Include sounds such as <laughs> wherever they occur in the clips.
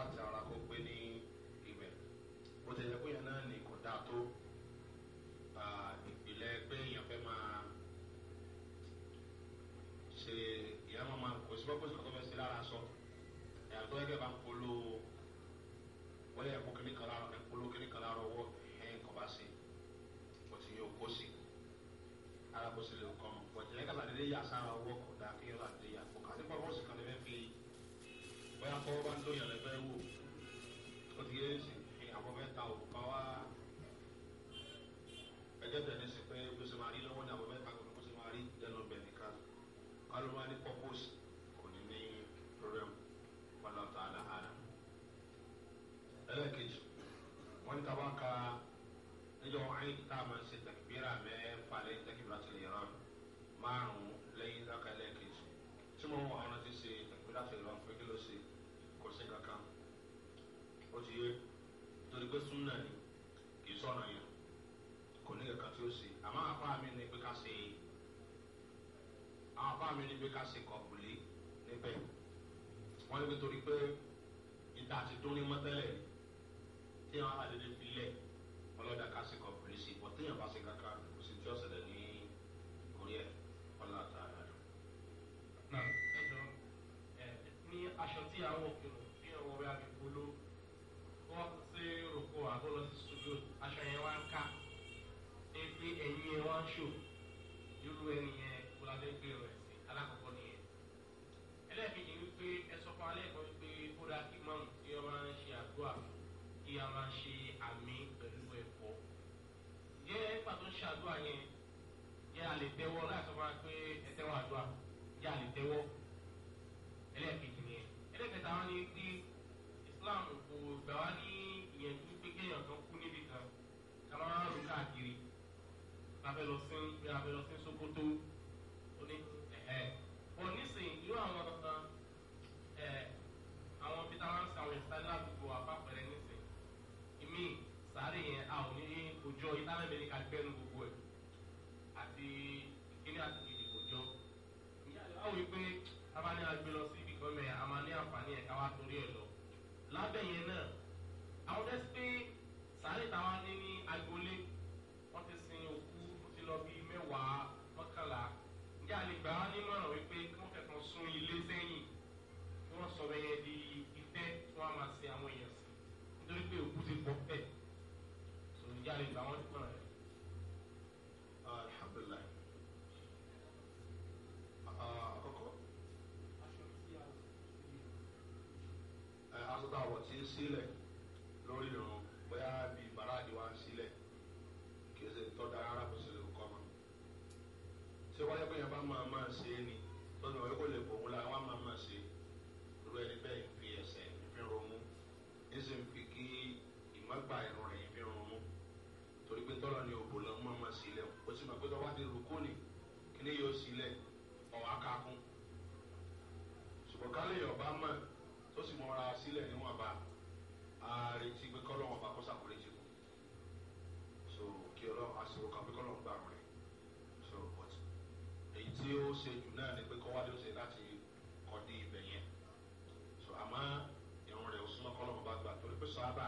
àti ara kó pé ní ibẹ̀ bó ti yẹ pé yẹn náà ní kò dáa tó ìpìlẹ̀ pé èèyàn fẹ́ máa ṣe ìyá máa máa kò sí bọ́ pèsè ọ̀tọ́ fẹ́ sí lára sọ ẹ̀yà tó yẹ bá ń polo wọ́n yẹ kó kíní kan lára ẹ̀ polo kíní kan lára ọwọ́ ẹ̀ kọ́ bá sí kò sí yóò kó sí alakoso le kɔn bɔtɛ ɛka la dede yasa wɔ kɔda k'e la dede yasa kɔda ne kɔrɔ wɔsi kan ne bɛ fi bɔyɔ kɔrɔba ndo yɛlɛ years pé súnà ni kì í sọ̀nà yẹn kò ní kankan tí ó ṣe àmọ́ àpá mi ni pé ká ṣe àwọn àpá mi ni pé ká ṣe kọ̀ọ̀kùlé níbẹ̀ wọ́n ní pé torí pé ìta àti tó ní mọ́tẹ́lẹ̀ tí wọ́n á lè dé yẹn yẹ a lè tẹ́wọ́ láti sọ fún wa pé ẹ tẹ́wọ́ àdúrà yẹ a lè tẹ́wọ́ ẹlẹ́ẹ̀kejì nìyẹn ẹlẹ́ẹ̀kẹta wọn ni pé islam kò gbà wá ní jáde gbà wọ́n tán rẹ̀. alhamdulilayi àkọ́kọ́ asọ́tàwọ̀ ti ń sílẹ̀ lórí ìrùn bóyá bíi bàrádìí wá ń sílẹ̀ kì í ṣe kò sí lè kọ́ ṣé wáyé pé yẹn bá máa máa ṣe é ni tọ́jú ọ̀yọ́ kò lè bọ̀ wọ́n la wọ́n máa máa ṣe é. tọ́lọ̀ ní òbò lọ mọ́ mọ́ sílẹ̀ o sì mọ̀ pé tọ́wọ́ ti rúkú ni kíní yóò sílẹ̀ ọ̀wá kakún ṣùgbọ́n kálẹ̀ ọba mọ̀ tó sì mọ́ra sílẹ̀ níwọ̀nba àrètí pé kọ́lọ̀ wọn bá kó sàkórè jù so kí ọlọ́run àṣírò kan pé kọ́lọ̀ gbà rẹ̀ so but èyí tí ó ṣe jù náà ni pé kọ́wádìí ó ṣe láti kọ́ dé ibẹ̀ yẹn so àmọ́ ìrun rẹ̀ ó súnmọ́ kọ́lọ̀ wọn gbà torí pé sọ abá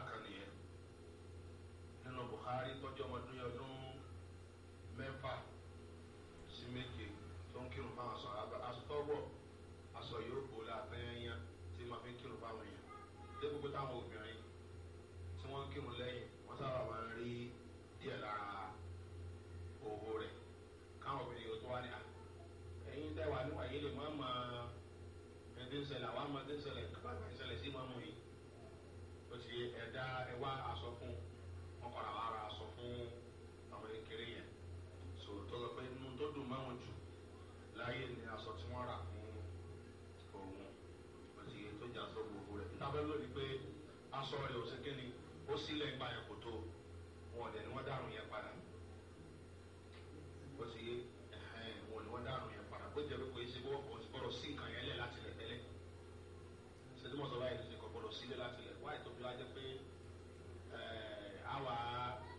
ń sọ rẹ̀ òsè kínní ó sílẹ̀ ń gbàyàn kò tó wọn ọ̀dẹ̀ ni wọ́n dàrú yẹn padà ó sì yé wọn ni wọ́n dàrú yẹn padà bó jẹ́ pé kò yẹ ṣe kó ọ̀rọ̀ sí nǹkan yẹn lẹ̀ láti lẹ̀ tẹ́lẹ̀ ṣètò mọ̀tò báyìí ló ṣe kọ̀ gbọ́dọ̀ sílẹ̀ láti lẹ̀ wáyé tó fi wá jẹ́ pé àwa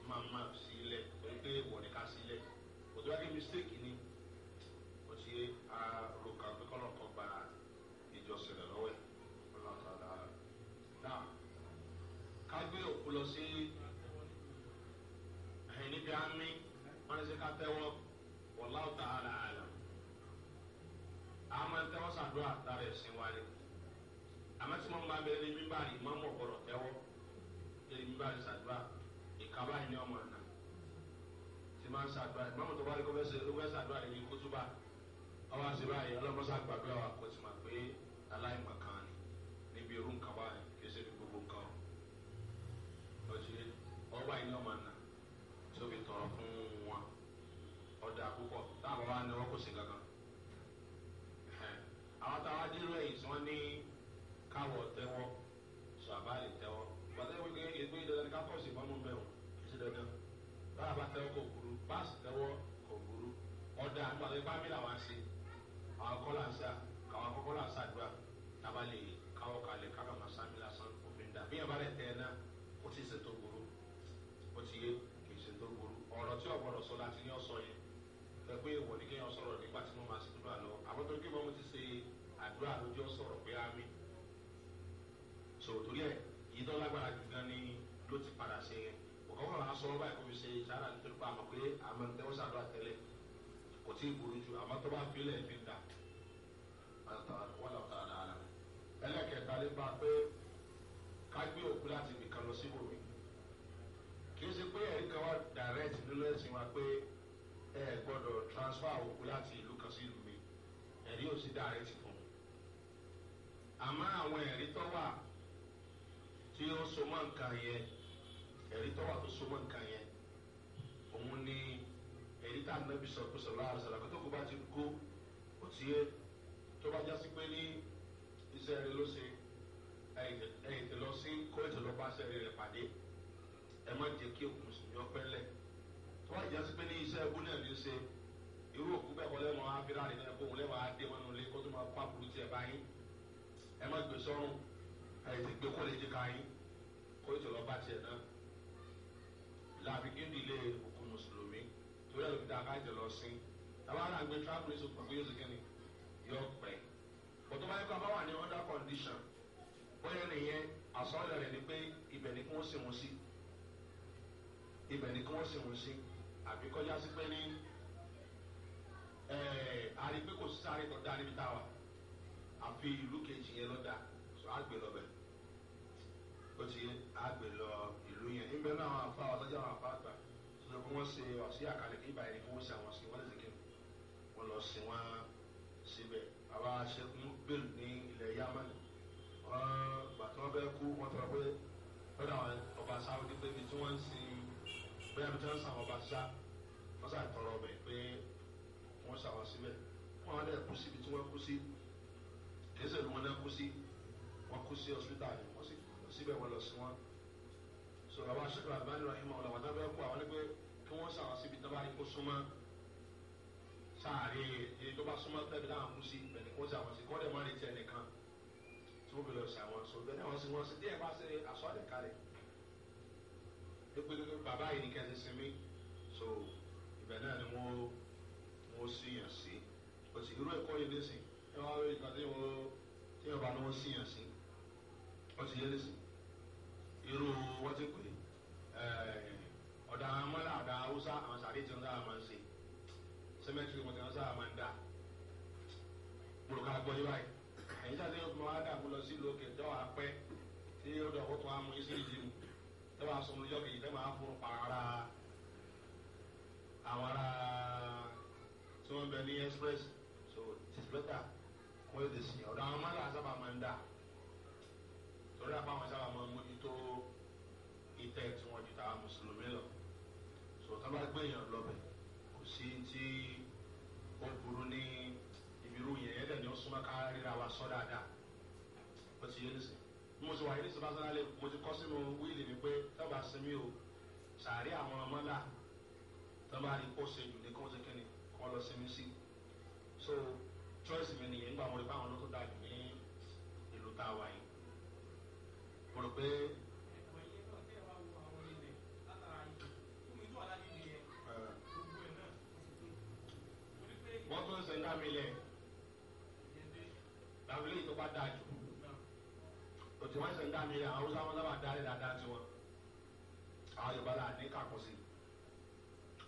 máa máa sílẹ̀ torí pé wọ̀ ní ká sílẹ̀ òtún wá kí mistake tẹ́wọ́ wallahu ta'ala alam àmọ́ tẹ́wọ́ sàdúrà dára ẹ̀sìn wa ni àmọ́ tí wọ́n bá bẹ̀rẹ̀ ní bíbá rí mọ́mọ́ gbọ́dọ̀ tẹ́wọ́ ní bíbá rí sàdúrà ìkàbá yìí ni ọmọ àná tí máa ń sàdúrà mọ́mọ́ tó bá rí kó fẹ́ sàdúrà ní kútúbà ọwọ́ àti báyìí ọlọ́mọ́sá gbàgbé wa kò tí máa pé aláìmọ̀ kan ni níbi irú nǹkan báyìí kì í ṣe ní gbogbo nǹkan ọ̀jẹ̀ ọba yìí ọmọ àná tóbi tọ̀rọ̀ fún ń lọ wọn kò sí kankan àwọn táwọn adérò ẹ̀yìn tí wọ́n ní káwọ̀ tẹ́wọ́ sọ àbáyé tẹ́wọ́ gbàtẹ́ wípé ètò ìdọ̀dọ̀ ní ká kọ́ sí ìbámu mẹ́wọ̀n sí dandan báwa bá tẹ́wọ́ kò burú báàsì tẹ́wọ́ kò burú ọ̀dà àgbàdo ipá mi làwọn á àwọn kọ́ là ń sá pé èèwọ̀ ní kéèyàn sọ̀rọ̀ nígbà tí wọ́n máa ṣe dúró àlọ́ àwọn tó kí mọ́mú ti ṣe àdúrà lójó sọ̀rọ̀ pé ámì sòtòrí ẹ̀ yìí tó lágbára jù gan ni ló ti padà ṣe yẹn òkàn wọn máa sọ̀rọ̀ báyìí kó fi ṣe sára nítorí pé àmọ́ pé àmọ́ ní wọ́n ṣàdúrà tẹ́lẹ̀ kò tí ì burú ju àmọ́ tó bá filẹ̀ fi dà ẹlẹ́kẹ̀ẹ́ta nípa pé ẹ gbọ́dọ̀ transfer òkú láti ìlú kan sí ìlú mi ẹ̀rí ò sí direct fún un àmọ́ àwọn ẹ̀rí tó wà tí ó so mọ́ nǹkan yẹn ẹ̀rí tó wà tó so mọ́ nǹkan yẹn òun ni èyí tá a nẹ́bi sọ̀rọ̀ sọ̀rọ̀ láàrin sọ̀rọ̀ àkókò bá ti kó ó ti yé tó bá já sí pé ní iṣẹ́ rẹ ló ṣe ẹ̀yìn tó lọ sí kó ètò lọ́pàá ṣẹ́rí rẹ̀ pàdé ẹ má jẹ́ kí òkun sùn ní ọpẹ́ lẹ̀ wọ́n á jásí pé ní iṣẹ́ ẹ̀kú náà ní ṣe irú òkú bẹ́ẹ̀ kọ́ lẹ́mọ̀ abirá rẹ̀ náà kóhun lẹ́wọ̀ adé wọn nulẹ̀ kó tó máa pa kúrú tiẹ̀ báyìí ẹ má gbé sọ́run àìsí gbé kó lè jẹ́ káyín kó ètò lọ́ba tiẹ̀ náà làbí kéde ilé òkú mùsùlùmí torí ẹ̀rọ fìdá ká jẹ̀lọ sí táwọn ará gbé tíráàpù ní sọ̀kùn fún yóò ṣe kíni yóò pẹ́ òtún báyìí kọ́ bá wà ní under condition bóyá nìyẹn àsọ̀rọ̀ rẹ̀ ni pé ibẹ̀ ni kí wọ́n sì wọ́n sí ibẹ̀ ni kí wọ́n sì wọ́n sí àbí kọjá sí pé ní àrí pé kò sáré tó dá níbi táwa àfi ìlú kejì yẹn lọ dá so àgbè lọ bẹ ó ti àgbè lọ ìlú yẹn níbẹ̀ náà àwọn afá ọlọ́jà àwọn afá àgbà tó lọ bí wọ́n ṣe ọ̀sí àkàlẹ̀ kí ìbàyẹn kí wọ́n ṣe àwọn sí wọ́n lè ṣèké wọ́n lọ sí wọ́n síbẹ̀ àwa ṣẹ́kùn bẹ́ẹ̀lù ní ilẹ̀ yámánì gbàtọ́ bẹ́ẹ̀ kú wọ́n tọ́ pé lọ́dọ̀ ọba sáwọ́dí pé ibi tí wọ́n ń sin bóyá bí wọ́n sàn ọba sá wọ́n sàn tọrọ ọbẹ̀ pé wọ́n sàn wọ́n síbẹ̀ wọ́n á lẹ̀ kú síbi tí wọ́n kú sí kẹsẹ̀ ni wọ́n náà kú sí wọ́n kú sí ọ̀sùtà ni wọ́n sì lọ síbẹ̀ wọ́n lọ sí wọn. sọ̀rọ̀ àwọn aṣọ́kọ̀ àbáyé rahim ọ̀làwọ̀n náà bẹ́ẹ̀ kú àwọn ní pé kí wọ́n sàn wọ́n síbi tí wọ́n bá rí kó súnmọ́ sáàrin èyí tó bá súnmọ́ tẹ́bi náà kú sí bẹ̀ni kó sàn wọ́n sí kọ́ dẹ̀ mọ́ dúpẹ́ dúpẹ́ bàbá yìí ní kẹ́sì sinmi so ibẹ̀ náà ni wọ́n wọ́n síyàn sí kò sí irú ẹ̀kọ́ yìí nísìn ẹ wá rí ìgbà tí wọ́n tí wọ́n bá ní wọ́n síyàn sí wọ́n ti yé nísìn irú wọ́n ti pè eh, ọ̀dà amọ́lá ọ̀dà haúsá àwọn sàdé tí wọ́n sábà máa ń se sẹ́mẹ́tì wọn tí wọ́n sábà máa ń dà gbòòkà gbọ́ yí báyìí ẹ̀yin sáà tí wọ́n máa dà kó lọ sí ìlú òkè jọ́ àpẹ́ tí ó dọ̀ kó tó wá mú yín sí ìdí mu tó máa sọmọ ìjọ kejì tó máa fún pa ara àwọn ará tí wọ́n bẹ ní express so it is better wọ́n ti sìn ọ̀dọ̀ àwọn mọ́lá sábà máa ń dà torí àpá àwọn sábà máa ń mójútó ìtẹ́ tí wọ́n ju tàwa mùsùlùmí lọ so tó bá gbẹ̀yàn lọ́bẹ̀ kò sí tí ó burú ní ìbírú yẹn ẹ̀dẹ̀ ni ó súnmọ́ ká ríra wa sọ dáadáa ó ti yé nísìnyí mo ti wà ní sèpásánà lè mo ti kọ́ sínú wíìlì mi pé tọ́ba sinmi o sàárè àwọn ọmọ là tọ́ba rí kó ṣe jù ní kó ṣe kíni kọ́ lọ sinmi sí so choice mi nìyẹn nígbà wọn rí báwọn ló tó dájú ní ìlú tá a wà yìí mo rò pé. wọ́n tún ń sẹ́ńdá mi lẹ̀. tí wọ́n ṣe ń dá mi rẹ̀ àwọn haúsá wọn sábà dá rẹ̀ dáadáa sí wọn àwọn yorùbá là ní kàkó sí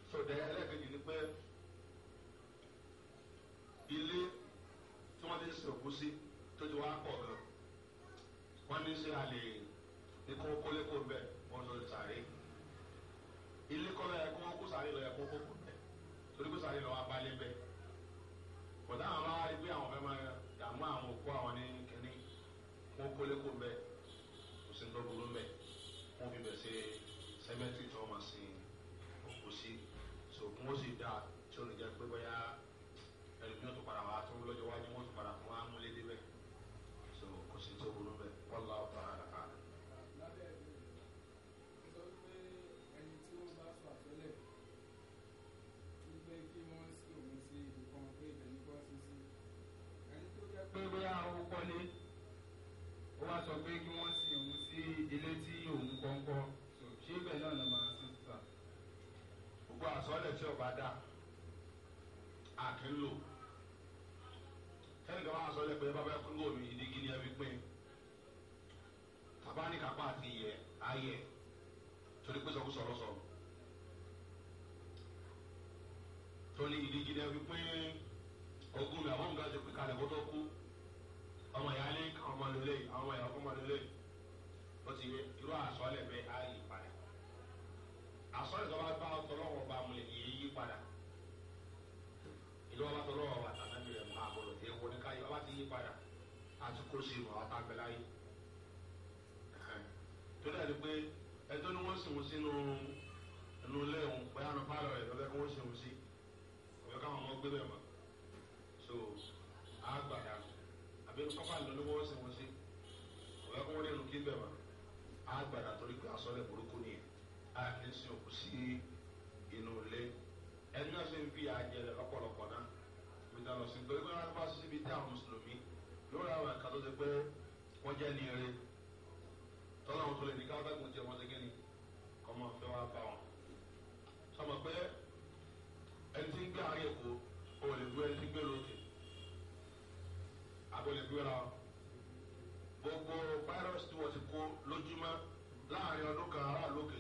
sọdẹ ẹlẹ́kẹ̀jì ni pé ilé tí wọ́n ti sè òkú sí tó ti wá pọ̀ gan wọ́n ní ṣe àlè ní kó kólé kó bẹ̀ wọ́n lọ sàré ilé kọ́ lọ́yẹ kó kó sàré lọ́yẹ kó kó kó bẹ̀ torí kó sàré lọ́wọ́ abalẹ̀ bẹ̀ kò dáhùn bá wá rí pé àwọn fẹ́ máa wọn kólé kó mbẹ kò sí ńlọ burú mbẹ wọn fi bẹ ṣe sẹmẹtì tí wọn máa sin òkú sí so kí wọn sì dáa. sọ pé kí wọ́n sin òun sí ilé tí òun kọ́ńkọ́ tó ṣé bẹ́ẹ̀ náà lọ́ máa sin sísà. gbogbo àsọlẹ̀ tí ọba dà á kì ń lò tẹ́nìkan máa sọlẹ̀ pé bàbá ẹkún lò mí ìdígi ni ẹbí pé tàbá ní kápá àti yẹ ayẹ torí pé sọkúsọ lọ sọ tó ní ìdígi ni ẹbí pé. àsọ́lẹ̀ bẹ́ẹ̀ á yí padà àsọ́lẹ̀ tó bá bá ọtọlọ́wọ́ bá mu lè yí yí padà ìlú ọba tọlọ́wọ́ bá tàbí mi rẹ̀ mú àbọ̀lọ̀ tẹ́ wọ ní káyọ̀ ọba ti yí padà àti kó sí ìwà ọ̀tá gbẹlá yìí tó dàbí pé ẹjọ́ ni wọ́n sì wọ́n sínú ẹnu ilé òun pé àná pálọ̀ rẹ̀ lọ́bẹ̀ kí wọ́n sì wọ́n sí ọ̀bẹ káwọn ọmọ gbé bẹ̀ mọ́ so àgbàdà àbí kọ́kọ́ àlọ́ ló wọ́n sì wọ́n sí ọ̀bẹ kí wọ́n lè nù kí bẹ̀ mọ́ àgbàdà torí pé àsọlẹ̀ burúkú ni àìní sin òkú sí inú ilé ẹni náà sì ń fi àjẹrẹ lọ́pọ̀lọpọ̀ náà gbígbà lọ sí torí pé wọ́n bá sí ibi tí àwọn mùsùlùmí lórí àwọn ẹ̀ka tó ti pé wọ́n jẹ́ ní eré tọ́lá wọn tó lè ní káfẹ́gùn jẹ́ wọn dégé ni ọmọ fẹ́ wá bá wọn. sọmọ pé ẹni tí ń gbé àárẹ̀ kó o lè gbé ẹni tí ń gbé lókè àbò lè gbéra gbogbo fáírọ́ọ̀sì tí wọ́n ti kó lójúmọ́. láàrin ọdún kan aráàlú òkè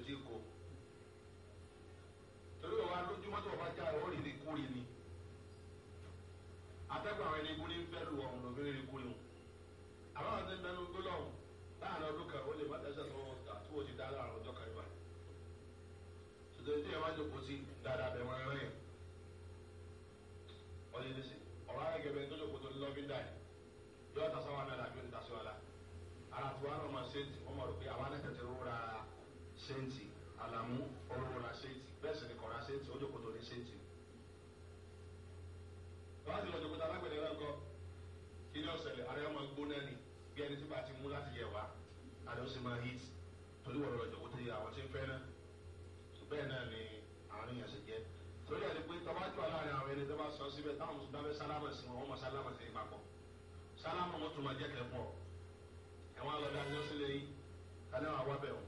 ṣéǹtì àlàmú ọlọ́wọ́ ra ṣéǹtì bẹ́ẹ̀ sì ni kọ̀ ra ṣéǹtì ó jòkó tó ní ṣéǹtì. wọ́n á ti lọ jòkó tá alágbèrè náà kọ́ kí ni ọ̀sẹ̀lẹ̀ ara ẹ̀ máa gbóná ni bí ẹni tí bá ti mú láti yẹ̀ wá àdé ó sì máa hit torí wọ́n lọ jòkó tó yẹ àwọn tí ń fẹ́ náà bẹ́ẹ̀ náà ni àárín yẹn ṣe jẹ́ torí ẹni pé tọ́wájú aláàrin àwọn ẹni tó bá sọ síbẹ̀ táwọn mùsùlùmí dábẹ́ sálámà sí wọn wọ́n mọ sálámà sí ìpapọ̀ sálámà wọn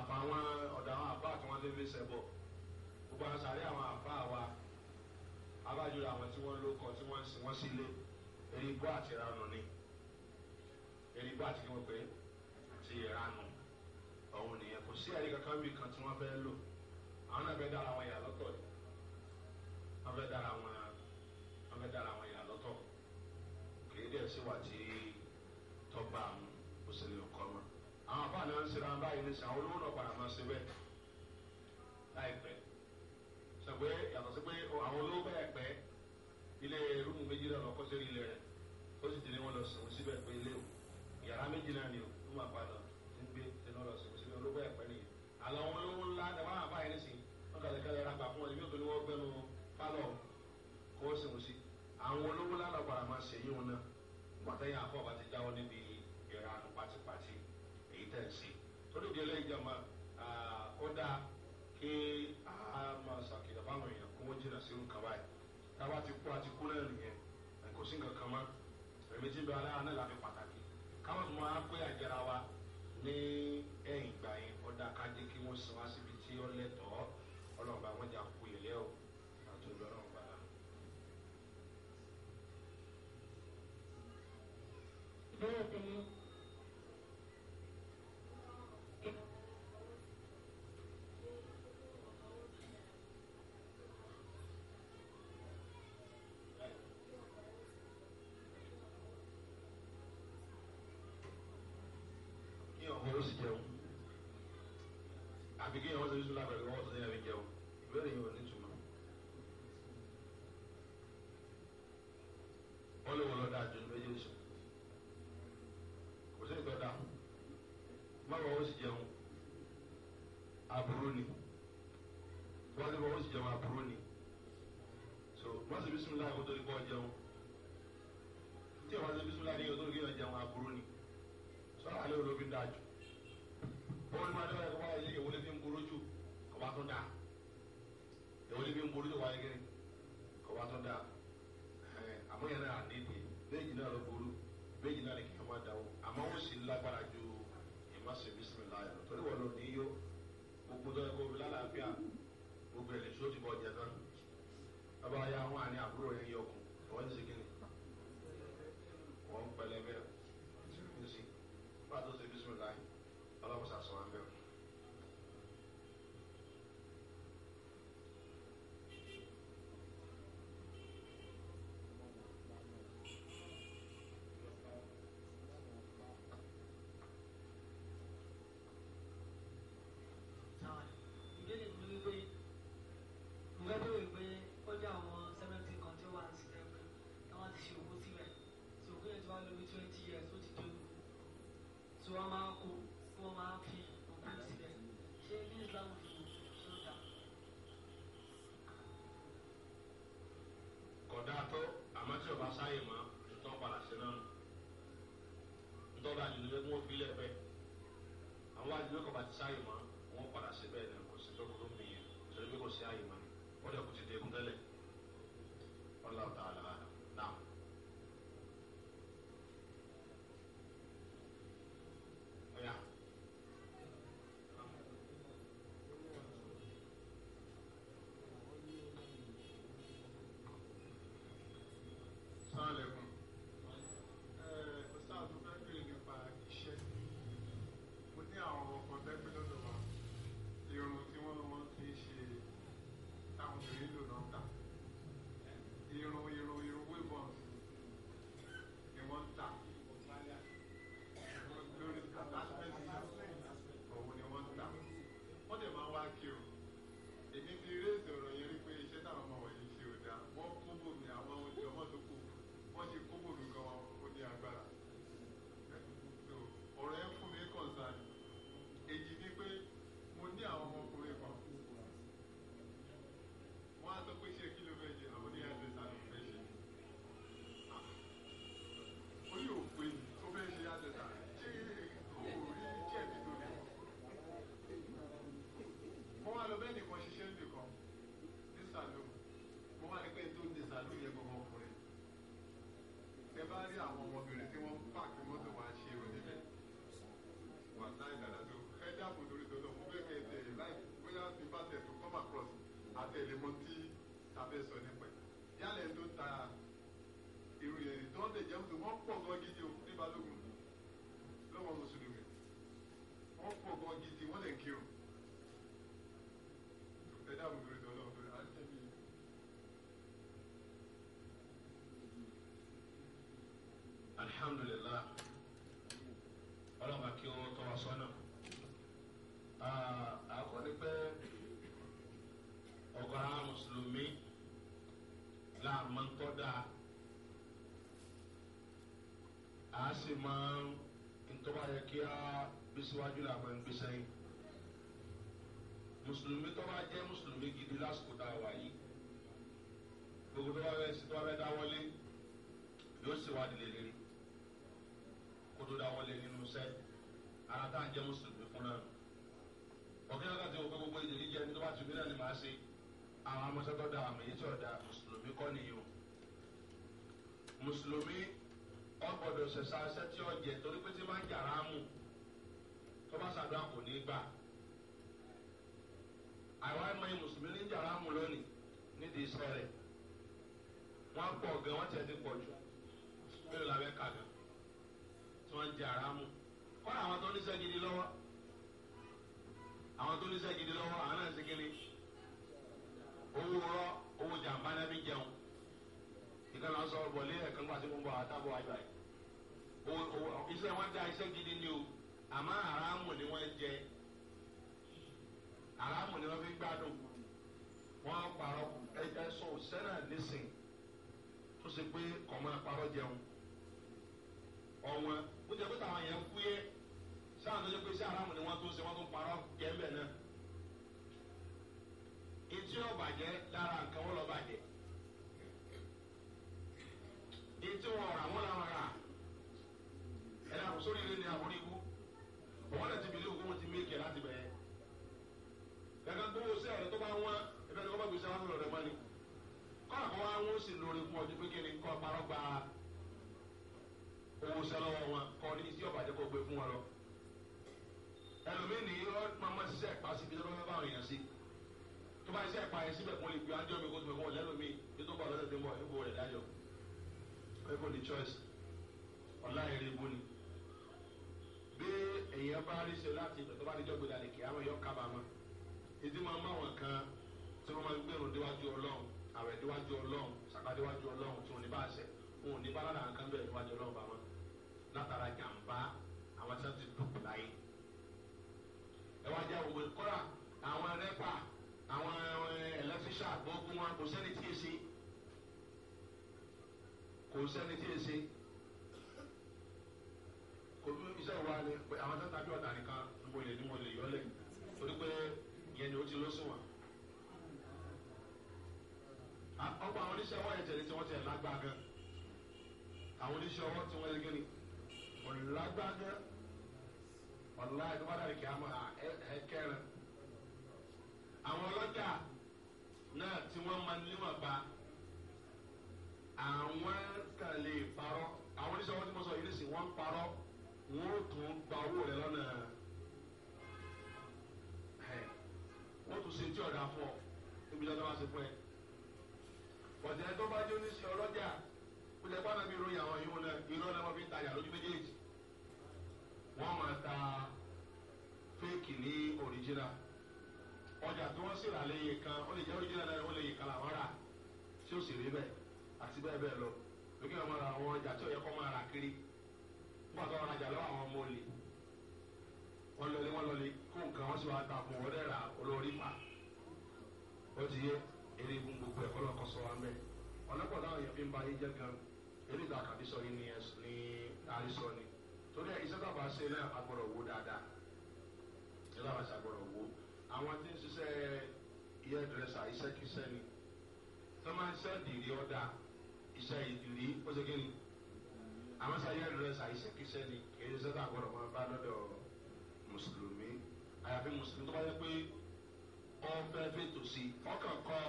àfàwọn ọ̀dọ̀ àwọn àbá tí wọ́n ti fi sẹ́bọ̀ gbogbo àṣàrí àwọn àbá wa abájúra àwọn tí wọ́n ló kọ tí wọ́n sì wọ́n sí ilé erigbó àti ìranù ni erigbó àti kí wọ́n pè é ti ìranù ọ̀hún nìyẹn kò sí ẹ̀rí kankan bíi kan tí wọ́n fẹ́ lò àwọn náà fẹ́ dára wọn yà lọ́tọ̀ ni wọ́n fẹ́ dára wọn wọ́n fẹ́ dára wọn yà lọ́tọ̀ kì í dẹ̀ sí wà tí tọ́gbà àwọn òṣèlú ọkọ̀ àwọn afa náà ń sira báyìí ní sàn olówó náà padà máa ṣe bẹ́ẹ̀ láìpẹ́ sọ̀gbẹ́ yàtọ̀ sí pé àwọn olówó bẹ́ẹ̀ pẹ́ ilé rúmù méjì náà lọ́kọ́ sórí ilé rẹ̀ ó sì ti ní wọ́n lọ sùn síbẹ̀ pé ilé o yàrá méjì náà ni o rúmù àpàdà ń gbé iná lọ sùn síbẹ̀ olówó bẹ́ẹ̀ pẹ́ nìyẹn àlọ́ àwọn olówó ńlá ẹ̀ wọ́n àbáyé nísìnyí wọ́n kàlẹ́ kàlẹ́ ra gbà fún ẹ̀ yóò tó ní wọ́n gbẹ́nu pálọ̀ kó sùn sí àwọn olówó lálọ́ padà máa tẹ̀ sí torí ìdílé ìjọba ó dáa kí a máa ṣàkìlọ̀ fáwọn èèyàn kó wọ́n jìnnà sí nǹkan báyìí táwa ti kú àti kú náà nìyẹn kò sí nǹkan kan mọ́ èmi ti bẹ aláwa náà láti pàtàkì káwọn tó máa pé àjẹrà wa ní ẹ̀yìn ìgbà yẹn ó dáa ká dé kí wọ́n sin wá síbi tí ó lẹ́tọ̀ọ́ ọlọ́ọ̀bá wọn jà kú yẹlẹ́ o àti olùdọ́rọ̀ gbà. Bẹ́ẹ̀ sì jẹun aburú ni wọ́n ti bọ́ ó sì jẹun aburú ni so wọ́n sì bísúmìlá kó tó di kọ́ jẹun tí wọ́n sì bísúmìlá ní ọdún kí wọ́n jẹun aburú ni sọ́ra alẹ́ olóbi ń dájú wọ́n máa dábàá ẹ̀kọ́ wáyé ìwé lè fi ń burú jù ọba tó dáa ìwé lè fi ń burú jù wáyé kiri ọba tó dáa àmúyẹ̀ náà. bàbá ya àbúrò rẹ wọ́n máa kó tí wọ́n máa fi òkú sílẹ̀ ṣé ní Islam bá sáyè mọ́ wọn fi bẹ́ẹ̀ àwọn àdìlẹ́ kọ̀ọ̀bá ti sáyè mọ́ wọn padà sí bẹ́ẹ̀ náà kò sí tó kúrò mí yẹn torí pé kò sí àyè mọ́. mùsùlùmí láàmú tọ́da a sì máa ń ntọ́ba yẹ kí a bí síwájú làwọn ń gbéṣẹ́ yìí mùsùlùmí tọ́ba jẹ́ mùsùlùmí gidi lásìkò tá a wà yìí gbogbo tó bá bẹ sí tó bá bẹ dáwọ́lé yóò sì wá dìlé lérí kó tó dáwọ́lé nínú sẹ́ ara tá a jẹ́ mùsùlùmí fún náà ọ̀kẹ́ yàtọ̀ o gbogbo ìdílé jẹ́ ní tó bá ti bí náà ni màá ṣe àwọn amọ̀sọ́gọ́dọ̀ àmì yìí sọ̀dà mùsùlùmí kọ́ nìyó mùsùlùmí ọgbọ̀dọ̀ ṣẹ̀ṣà ṣẹ́ tí ó jẹ torí pé tí máa ń jàrá mù tó bá ṣàdúrà kò ní gbà àwa ẹ̀mọ́ yìí mùsùlùmí ní jàrá mù lónìí nídìí iṣẹ́ rẹ̀ wọ́n pọ̀ gan wọ́n tẹ̀ ti pọ̀ jù pẹ̀lú làbẹ́ kàgà tí wọ́n ń jàrá mù kọ́ àwọn tó níṣẹ́ gidi lọ́wọ́ àwọn tó níṣẹ́ gidi lọ́wọ́ àwọn náà ṣe kiri owó rọ owó jàǹbá náà fi jẹun ìkan náà sọ ọ̀bọ̀ lé ẹ̀kan gbà tí mo ń bọ̀ àtàbọ̀ wọn dá iṣẹ́ gidi ni o àmọ́ àràmù ni wọ́n jẹ àràmù ni wọ́n fi gbádùn wọ́n parọ́ ẹ̀jẹ̀ sọ sẹ́nà nísìn tó ṣe pé kọ̀mọ́ parọ́ jẹun ọ̀wọ́n ó jẹ́ pé táwọn yẹn kú yẹ sáà tó ṣe pé sí àràmù ni wọ́n tó ṣe wọ́n tó parọ́ jẹ́ bẹ́ẹ̀ náà tí ó bàjẹ́ lára nǹkan wọn lọ bàjẹ́ ètò wọn rà wọn làwọn rà ẹ̀rọ àkóso rere ni àwọn ikú wọn lè ti bìlẹ̀ òkú wọn ti mí kẹ̀ láti bẹ̀rẹ̀ gẹ́gẹ́ gbogbo sẹ́yìn tó bá wọn ẹ̀fẹ́ ni wọ́n bá gbèsè àwọn ọ̀rẹ́ mọ́ni kọ́ àkọ́ wa wọn ó sì lórí fún ọdún pé kíni kọ́ parọ́ gba owó sẹ́lọ́wọ́ wọn kọ́ ní tí ọ̀bàjẹ́ kọ́ gbé fún wọn lọ ẹlòmíì ni ọ máa ma ṣiṣẹ́ ìpàsí bí lọ́wọ́ bá yàn sí tó bá iṣẹ́ ìpayẹ síbẹ̀ kún lè gbé adé omi kó tó fẹ́ wọ́n lẹ́lòmíì nínú bọ̀ lọ́dọ̀ tó ń bọ̀ ẹ̀kọ́ rẹ̀ dájọ́ ẹ̀kọ́ ní choice ọ̀la èrè ibú ni bí èèyàn bá rí ṣe láti ìgbà tó bá níjọ́ gbé dàlẹ́ kí àwọn èèyàn kábàámọ̀ ìdí máa ń bá àwọn kan tí wọ́n máa ń gbèrò déwájú ọlọ́run àwẹ̀ déwájú ọlọ́run sàkà déwájú ọlọ́run tí wọ́n ní bá àṣẹ wọn ò ní bá lára nǹkan bẹ̀rẹ̀ déwájú ọlọ́run bá wọn látara jàǹbá àwọn tí wọ́n ti dùn láyé. ẹ wá jẹ́ òwe kọ́ra àwọn rẹ́pà àwọn eh, ẹlẹ́fíṣà gbọ́ngun wa kò sẹ́ni tiye èsì kò sẹ́ni tí èsì kò tún iṣẹ́ wa lẹ pé àwọn tó tàbí ọ̀dà nìkan mo lè ní lè yọlẹ̀ torí pé ni ti lọ́sùnwọ̀n. Ah, ọgbà àwọn oníṣẹ́ ọwọ́ ẹ̀jẹ̀ ni tí ti ẹ̀ àwọn oníṣẹ́ ọwọ́ tí wọ́n lé àwọn ọlọ́jà náà tí wọ́n máa níwọ̀n ba àwọn kan lè parọ́ àwọn oníṣòwò tí mo sọ yìí nísìnyí wọ́n ń parọ́ wọ́n ó tún gba owó rẹ lọ́nà wọ́n tún ṣe tí ọ̀dà fún ọ níbi tí wọ́n bá ṣe fún ẹ. ọ̀jẹ̀ tó bá jẹ́ oníṣẹ́ ọlọ́jà kó jẹ́ pàdánù ìròyìn àwọn yìí wọn náà irọ́ náà wọ́n fi ń tajà lójú méjèèjì wọ́n máa ta fẹ́ẹ̀kì ní òríjìnà ọjà tí wọ́n sì rà léyè kan ó lè jẹ́ ojú dáadáa ó lè yè kan làwọn rà tí ó sì rí bẹ́ẹ̀ àti bẹ́ẹ̀ bẹ́ẹ̀ lọ lókè wọn máa ra àwọn ọjà tí ó yẹ kó máa rà kiri nígbà tó wọn rajà lọ́wọ́ àwọn ọmọ olè wọ́n lọlé wọ́n lọlé kó nǹkan wọ́n sì wá ta fún ọ̀rẹ́ rà olórí pa ó ti yé eré ibú gbogbo ẹ̀kọ́ lọ́kọ́ sọ wa mẹ́ ọ̀lọ́pọ̀ táwọn èèyàn fi ń ba ayé jẹ́ gan eré ìgbà kàbí sọ yìí ni ẹ̀sùn ní àrísọ ni torí ẹ̀ iṣẹ́ tábà ṣe náà agbọ̀rọ̀ wo dáadáa iṣẹ́ tábà ṣe agbọ̀rọ̀ wo àwọn tí ń ṣiṣẹ́ hairdresser iṣẹ́ kíṣẹ́ ni tó máa ń ṣe ìdìrí ọ̀dà iṣẹ́ ìdìrí ó ṣe kíni àwọn ṣe hairdresser iṣẹ́ kíṣẹ́ ni kì í ṣiṣẹ́ tó àgbọ̀dọ̀ máa bá lọ́dọ̀ mùsùlùmí àyàfi mùsùlùmí tó bá yẹ pé ọ̀fẹ́ fètò sí ọkàn kọ́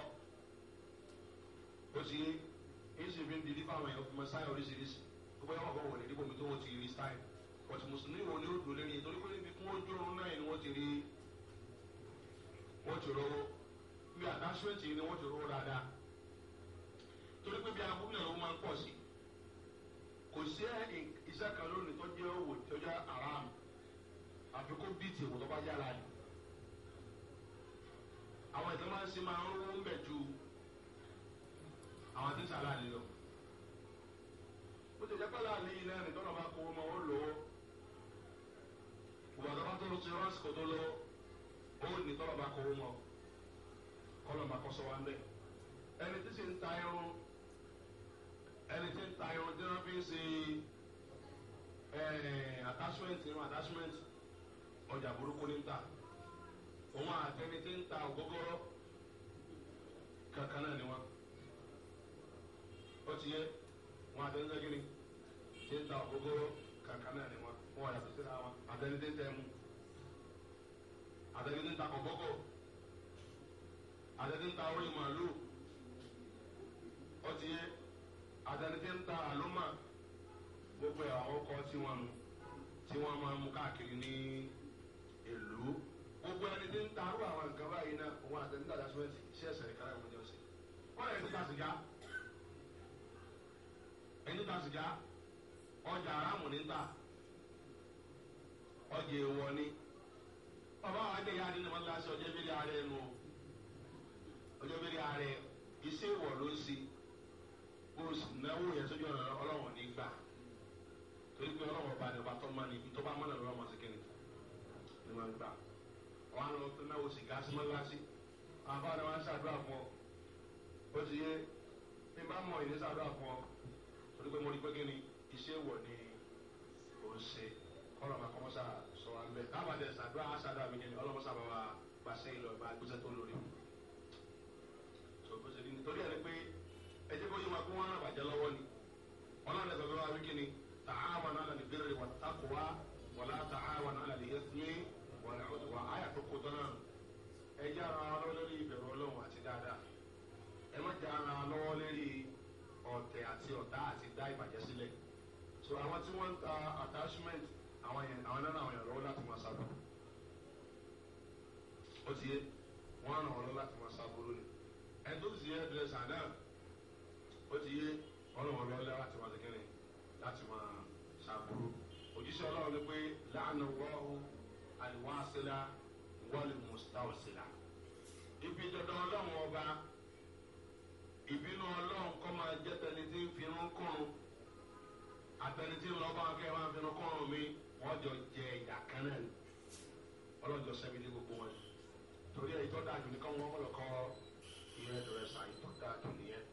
ó ti èsì fi ń di nípa àwọn èèyàn fún mi sáyà oríṣiríṣi tó bá yẹ wọ́n kọ́ wọlé níbo mi tó wọ́n ti rí sáyà but mùsùlùmí wo ni ó dùn lórí nítorí pé níbi kí wọ́n ti rówó bí attachment yìí ni wọ́n ti rówó dáadáa torí pé bí a náà wọ́n máa ń pọ̀ sí kò sí iṣẹ́ kan lónìí tó jẹ́ òwò tó jẹ́ haram àfi kó bíi tèwò tó bá yára yìí àwọn ìtàn máa ń se máa ń rówó ń bẹ̀ ju àwọn tí ń sàlá ni lọ bó ti jẹ́ pẹ́lá ní ilé ẹni tọ́nà bá kó wọn lọ́wọ́ ìwà tó bá tó lọ sí rásìkò tó lọ́wọ́. o ní tọ́lọ̀ bá kọ́ wọn kọ́lọ̀ bá kọ́ sọ wá ẹni tí sì ń ta irun ẹni tí ń ta fi ń eh, attachment ọjà burúkú ní ta tí ń ta kankan náà ni wọn ó ti yẹ wọn àtẹni tí ń ta ògógóró kankan náà ni wọn wọn tí ń àtẹni tí ń ta kọ̀kọ́kọ̀ àtẹni tí ń ta orí màálù ọtí yẹ àtẹni tí ń ta àlùmà gbogbo ẹ̀ àwọn ọkọ̀ tí wọ́n nu tí wọ́n máa mú káàkiri ní ìlú gbogbo ẹni tí ń ta arú àwọn nǹkan báyìí náà òun àtẹni tí ń ta dasúwẹ́tì iṣẹ́ ẹ̀sẹ̀ ìkárà ìmọ̀jọ́ sí wọ́n yẹ ti ta sìgá ẹni ta sìgá ọjà aráàmù ní ta ọjà èèwọ̀ ni ọba àwọn adé yára nínú mọ́tàlásí ọjọ́ ìbéèrè ara ẹ̀ nù ọjọ́ ìbéèrè ara ẹ̀ iṣẹ́ ìwọ̀ ló ṣe bó o sì náwó yẹn sójú ọ̀nà ọlọ́wọ̀n ní gbà torí pé ọlọ́wọ̀n bá ní ọba tó mọ́ ni tó bá mọ́ náà lọ́wọ́ máa ṣe kéde ni wọ́n gbà wọ́n á lọ náwó sìgá sí mọ́tàlásí àbá ni wọ́n á ṣàdúrà fún ọ ó ti yé bí bá mọ̀ ìdí ṣàdúrà fún ọ torí pé mo rí pé kí ni iṣẹ́ ìwọ̀ ni ò ń ṣe kọ́ bẹ káwọn àti ṣàdúrà àṣàdúrà mi ní ọlọ́wọ́ sábà wa gba sẹ́yìn lọ ìbá gbèsè tó lórí ṣòkòṣe ní torí ẹni pé ẹjẹ bó ṣe máa kó wọn ràn bàjẹ́ lọ́wọ́ ni ọlọ́run ẹ̀sọ́ bẹ́ẹ̀ wá wí kíni tààwọn náà lè bẹ̀rẹ̀ wà tákùwá wọ̀lá tààwọn náà lè yẹ fún mi a òdùwà àyà tó kó tọ́nà ẹjẹ ara lọ́wọ́ lórí ìbẹ̀rù ọlọ́run àti dáadáa ẹ má jẹ ara lọ́wọ́ lórí ọ̀tẹ̀ àti ọ̀tá àti dá ìbàjẹ́ sílẹ̀ so àwọn tí wọ́n ta attachment àwọn yẹn àwọn náà àwọn yẹn lọ́wọ́ láti máa sábúrú ó ti yẹ wọ́n ràn wọ́n lọ́wọ́ láti máa sábúrú ni ẹni tó ti yẹ ẹ̀dùn ẹ̀sán náà ó ti yẹ ọlọ́wọ́ lọ́wọ́ láti máa sẹ́kẹ́rẹ́ láti máa sábúrú òjíṣẹ́ ọlọ́run ni pé láàánú wọ́ọ̀hún àlùwàsílà wọ́ọ̀lù mùsítàwọ̀sílà ibi dandan ọlọ́run ọba ìbínú ọlọ́run kọ́ máa jẹ́ tẹni tí ń finú kọ́run àtẹni tí ń lọ́ bá akẹ́ máa finú kọ́run mi wọ́n jọ jẹ ìyá kan náà ni ọlọ́jọ́ sẹ́mi ní gbogbo wọn torí ẹ̀ ìtọ́ dáa jù ní kọ́mọ wọn lọ kọ́ ìyẹn dọ̀rẹ́ sá ìtọ́ dáa jù nìyẹn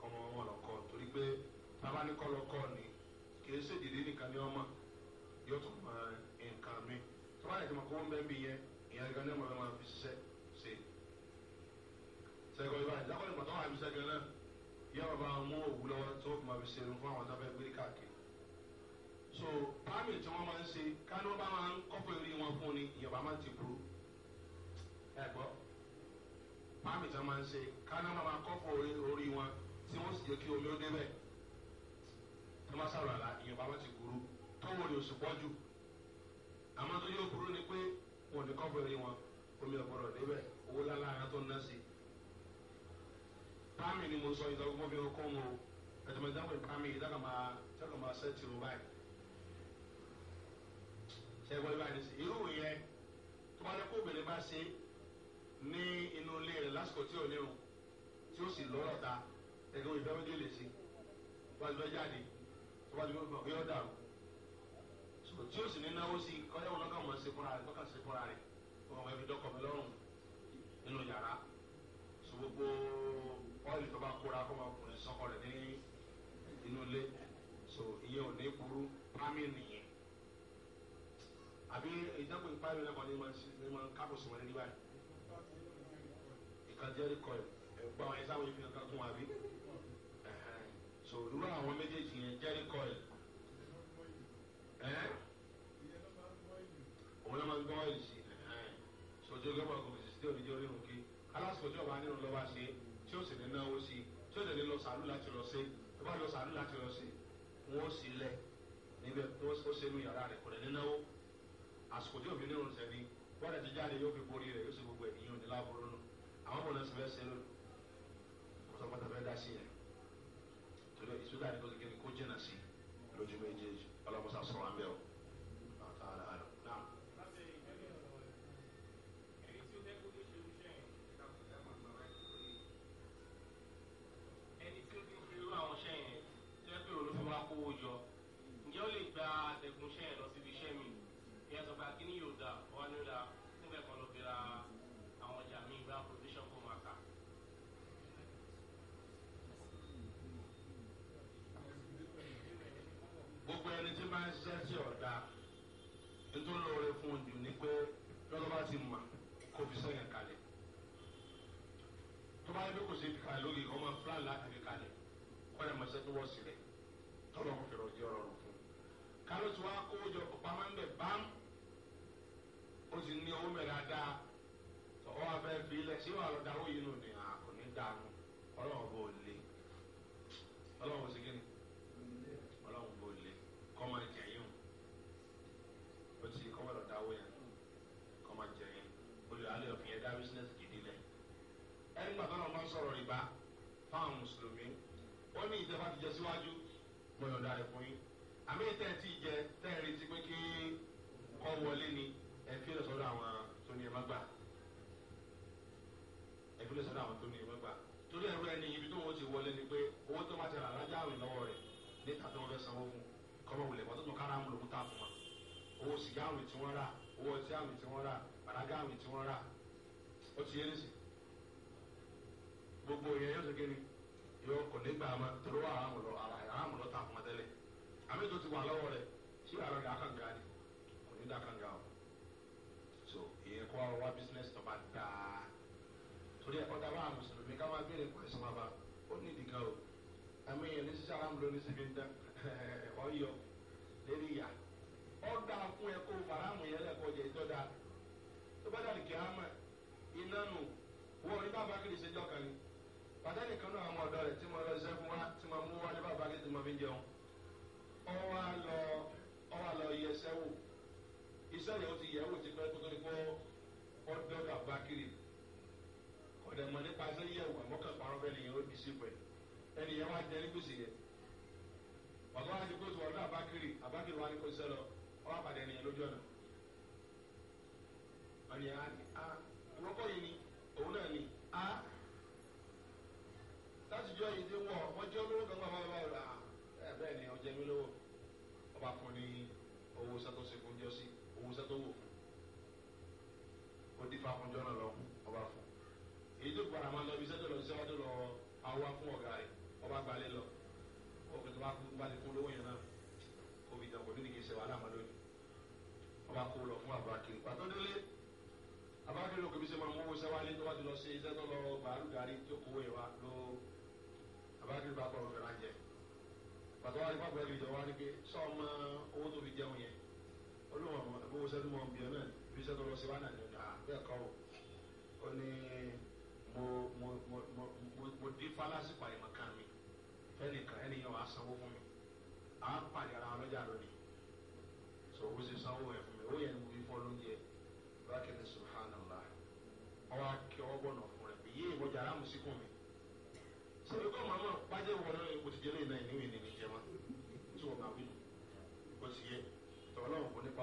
kọ́mọ wọn lọ kọ́ torí pé bàbá ní kọ́ lọ kọ́ ni kì í ṣèdìdí nìkan ní ọmọ yóò tún mọ nǹkan mi tó bá yẹtọ̀ mọ̀ kó wọ́n bẹ́ẹ̀ bí yẹn ìyẹn gan ní ọmọ máa fi ṣiṣẹ́ ṣe sẹ́kọ̀ọ́ ìbáyìí lákọ̀ọ́ ìgbà tó wà ní sẹ́kọ̀ọ́ náà yẹ so pàmì tí wọ́n máa ń ṣe kánú bá máa ń kọ́kọ́ eré wọn fún ni ìyọ̀bá máa ti burú ẹ gbọ́ pàmì tí wọ́n máa ń ṣe kánú bá máa kọ́kọ́ orí wọn tí wọ́n sì jẹ́ kí omi ó débẹ̀ tó máa sàrò àlá ìyọ̀bá máa ti burú tọ́wọ́ ni oṣù pọ́jù àmọ́ tó yóò burú ni pé wọn ò ní kọ́kọ́ eré wọn omi ọ̀gbọ̀rọ̀ débẹ̀ owó lálá ara tó ń ná sí pàmì ni mo sọ ìtọ́gbọ́n fi kọ́ wọn o ẹ̀tọ́mọ̀tàwọn pàmì ìdákàmà sẹ́tì ló báyìí ṣẹ́gun ìbá ní sí irú yẹn tó bá ní kó obìnrin bá ṣe ní inú ilé rẹ̀ lásìkò tí ò ní o tí ó sì lọ́rọ̀ ta ẹ̀gbọ́n ìfẹ́ méjì lè ṣe tó bá ti fẹ́ jáde tó bá ti fẹ́ gbọ̀n yóò dàrú tí ó sì ní náwó sí kọ́jà wọn lọ́kàn mọ̀ sí fúnra rẹ̀ lọ́kàn sí fúnra rẹ̀ ọmọ ẹbí dọ́kọ̀ mi lọ́rùn nínú yàrá sọ gbogbo ọ́ìlì tó bá kóra fọmọkùnrin sọ́kọ̀ rẹ̀ ní inú ilé so ìyẹn ò ní àbí ìdánwò ìparí rẹ̀ kọ́ ni máa ń kápò sí wọn ní báyìí ìkàjẹ́rì kọ́ ẹ̀ gbọ́ àwọn ẹ̀sáwọn ibi kankan kún wa bí so irú àwọn méjèèjì yẹn jẹ́rì kọ́ ẹ̀ òun ló máa ń gbọ́ ẹ̀ sí sojú ọgbọ́n kò sì sí òní jẹ́ orí òkè alásìkò tí ọba nínú lọ́wọ́ ṣe tí ó sì ní náwó sí tí ó sì ní lọ sàánú láti lọ sí tó bá lọ sàánú láti lọ sí wọn ó lẹ̀ níbẹ̀ tó ó ṣe yàrá rẹ̀ kò ní náwó àsìkò tí òfin nínú sẹ́ni wọ́n ti jáde yóò fi borí rẹ̀ yóò sì gbogbo ènìyàn ní láàbùrú nù àwọn ọmọ náà sì fẹ́ ṣe lónìí kó sọ pátá fẹ́ dá sí yẹn torí ìṣúdà ni kò sì kéde kó jẹ́nà sí lójú méjèèjì ọlọ́mọṣà sọ̀rọ̀ à ń bẹ̀ ọ́. pé lọ́dọ̀ bá ti mà kó fi sẹ́yìn kalẹ̀ tó bá yẹ pé kò sí ìfikà lórí ọmọ fúlàní láti fi kalẹ̀ kọ́ ẹ̀ mọ̀ṣẹ́ tó wọ́ sílẹ̀ tọ́lọ́ kò fẹ̀rọ̀ jẹ́ ọ̀rọ̀ fún un kálọ̀ tí wàá kó jọ pamọ́ ń bẹ̀ bám ó ti ní owó mẹ́ra dáa tọ́ ọ wá fẹ́ fi ilẹ̀ sí wàá lọ́dà ó yìí nù ní gbọ́yọ̀dá rẹ̀ fún yín àmì tẹ́ ẹ ti jẹ tẹ́ ẹ retí pé kí kọ́ wọlé ni ẹ fi lọ sọ́dọ̀ àwọn tó ní ẹ má gbà ẹ fi lọ sọ́dọ̀ àwọn tó ní ẹ má gbà torí ẹ̀rọ ẹni ibi tó wọ́n ti wọlé ni pé owó tó má ti rà lájà àwìn lọ́wọ́ rẹ̀ níta tó ń fẹ́ sanwó fún kọ́mọ wulẹ̀ wọ́n tó tún kára ń lo kúta fún wa owó sìgá àwìn tí wọ́n rà owó ọtí àwìn tí wọ́n rà bàrágà àwìn tí wọ́n rà ó ti yé nísì gbogbo ìyẹn yóò ṣe kéde Yo, kò ní gbà má torí wà á mọ̀lọ́ ara ẹ̀ á mọ̀lọ́ ta fún ọ tẹ́lẹ̀ àmì tó ti wà lọ́wọ́ rẹ̀ tí àrọ̀ rẹ̀ akànga ni kò ní dàkànga o so ìyẹn kọ́ wa business tó bá dáa torí ẹ̀kọ́ tá a bá mùsùlùmí ká wá béèrè kọ́ ẹ̀sìn wa bá ó ní ìdìgá o àmì yẹn ní sísá aráàmù lónìí síbi ń dá ẹ̀kọ́ yọ lérí ìyá ọ́ dáa fún ẹ̀kọ́ faramu yẹn lẹ́kọ́ jẹ́ ìjọ́dá tó bá dàrí kí á mọ̀ iná nù wọ́n ní bá bá kiri ṣe jọ́ kan ní pàtẹ́nì kan náà iṣẹ́ yẹn ó ti yẹ̀wò ti pẹ́ kó tó di pé ó dọ́gà kiri ọ̀dẹ̀ mọ̀ nípa ṣe yẹ̀wò àmọ́ kàn parọ́ bẹ́ẹ̀ nìyẹn ó bí sí pẹ̀ ẹni yẹn wá jẹ́ ní gbèsè yẹn ọ̀gá wa ti kó sọ ọ̀dọ̀ àbákiri àbákiri wa ni kò sẹ́ lọ ọ̀pá pàdé ẹni lójú ọ̀nà ọ̀nìyàn á ní ah, gbàtọ́ wá ní pàpọ̀ ẹ̀rọ ìjọba ní pé sọ ọmọ owó tó fi jẹun yẹn olóhùn ọmọ ẹgbẹ́ sẹ́dú mọ́ bíọ́ náà bí sẹ́dú lọ sí wá náà ní ọ̀dà ah, bẹ́ẹ̀ kọ́ o ó ní mo mo mo mo mo mo dín falasi pàdé màkà mi ẹnìkan ẹnìyẹn wàá sanwó fún mi à ń pàdé ara ọlọ́jà lónìí sọ owó sì sanwó ẹ̀ fún mi ó yẹn mo fi fọ́ lóúnjẹ bákẹ́ni subhanallah ọwọ́ akẹ́ ọgbọ́n náà fún rẹ̀ bí yé ìwọ́jà alámùsíkùn mi sọ ikọ́ màmá pàjẹ́ wọ̀ náà mo ti jẹ́ lóyìn náà ìníwìn ni.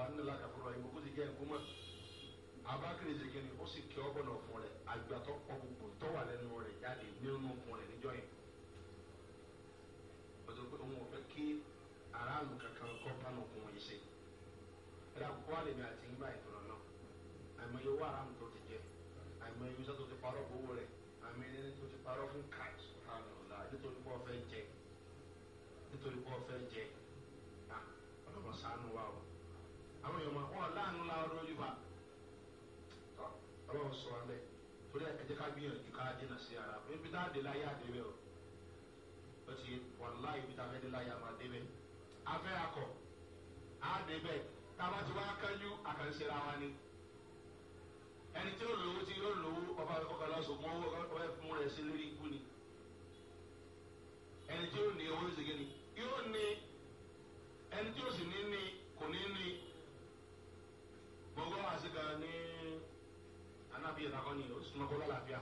fa nílá kakura yìí kókó ti jẹ́ ẹ̀kú mọ́ abakiri zegeni ó sì kí ọ bọ̀nà fún rẹ̀ àgbàtọ́ pọ̀ gbogbo tó wà lẹ́nu rẹ̀ jáde nínú fún rẹ̀ níjọ́ yẹn pẹ̀lú pé òun ò fẹ́ kí aráàlú kankan kọ́ pánù kún yìí ṣe ẹ̀rọ àkókò àlèmí àti ń bá ìtura náà àìmọye owó aráàlú tó ti jẹ àìmọye iṣẹ́ tó ti parọ́ gbowó rẹ̀ àmì ẹni tó ti parọ́ fún káàkiri nítorí pé ọ fẹ́ jẹ nítorí pé ọ fẹ́ jẹ mọ wọn láàánú la ọdún ojú wa tọ ọlọrun sọ wọn bẹ torí ẹ jẹ ká gbìyànjú ká dínà sí ara níbi tá a dé láyé àdébẹ o ó ti wọn láyé ibi tá a fẹ́ dé láyé àmọ́ àdébẹ afẹ́ akọ àdébẹ tába ti wá kánjú àkànṣera wa ni ẹni tí ó lòwó tí ó lòwó ọba ọkàlá sọ mọ ọwọ ẹfún rẹ sí lórí ikú ni ẹni tí ó ní owó ìṣègùn ni yóò ní ẹni tí ó sì ní ní kò ní ní wáhà sí kan ní anábìyẹ takọ ni ó súnmọ́ kó lálàáfíà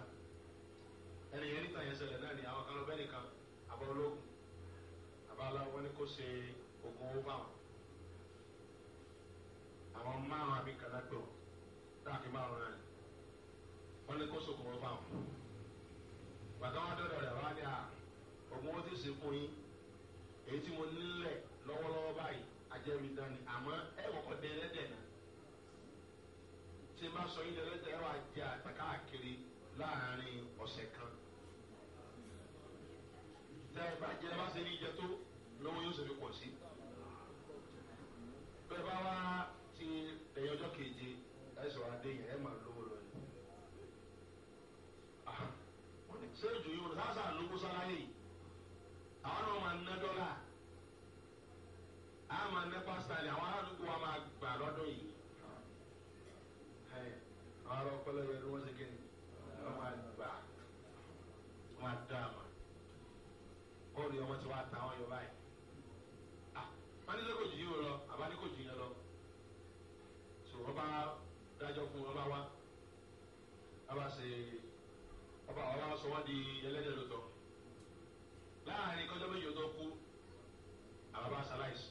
ẹni yẹn níta yẹn sẹlẹ̀ náà ni àwọn kan lọ bẹ́ẹ̀ nìkan àbá ológun àbá aláwọ̀ wọn ni kò ṣe oògùn owó fáwọn àwọn márùn àbí kàlá gbọ̀ táàkì márùn náà wọn ni kò ṣoògùn owó fáwọn bàtà wọn dọ̀dọ̀ rẹ̀ wá ní à oògùn owó ti sèkú yín èyí tí mo nílẹ̀ lọ́wọ́lọ́wọ́ báyìí ajẹ́rìí dání àmọ́ ẹ̀ kọ̀kọ́ dé ẹlẹ́dẹ̀ẹ́ tí n bá sọ yín lẹ́lẹ́dẹ̀ ẹ wá jẹ àgbà káàkiri láàrin ọ̀sẹ̀ kan tẹ ẹ bá jẹ ẹ bá ṣe ní ìjẹ tó lọ́wọ́ yóò ṣe fi pọ̀ sí bẹ́ẹ̀ bá wá ti ẹ̀yìn ọjọ́ keje ẹ sọ̀rọ̀ adé yẹn ẹ máa lówó lọ ni ah, ṣé ìjò yìí wọn sáà lówó sára yìí àwọn náà máa ná dọ́là á máa ná pásítà ni àwọn aládùúgbò wa máa gbà lọ́dún yìí àárọ̀ ọpọlọ yẹ kí wọ́n ṣe kíni wọ́n máa gbà wọ́n á dá àmà bọ́ọ̀lù yẹn wọ́n ti wá ta wọ́n yọ báyìí wọ́n ní sẹ́kọ̀ọ́ jìyìn lọ àbá ní kò jìyìn lọ sọ wọ́n bá dájọ́ fún wọn bá wá wọ́n bá ṣe ọba ọba sọ wọ́n di ẹlẹ́dẹ̀ lọ́tọ̀ láàrin kọjọ́ méjì tó kú àbá bá ṣaláìsì.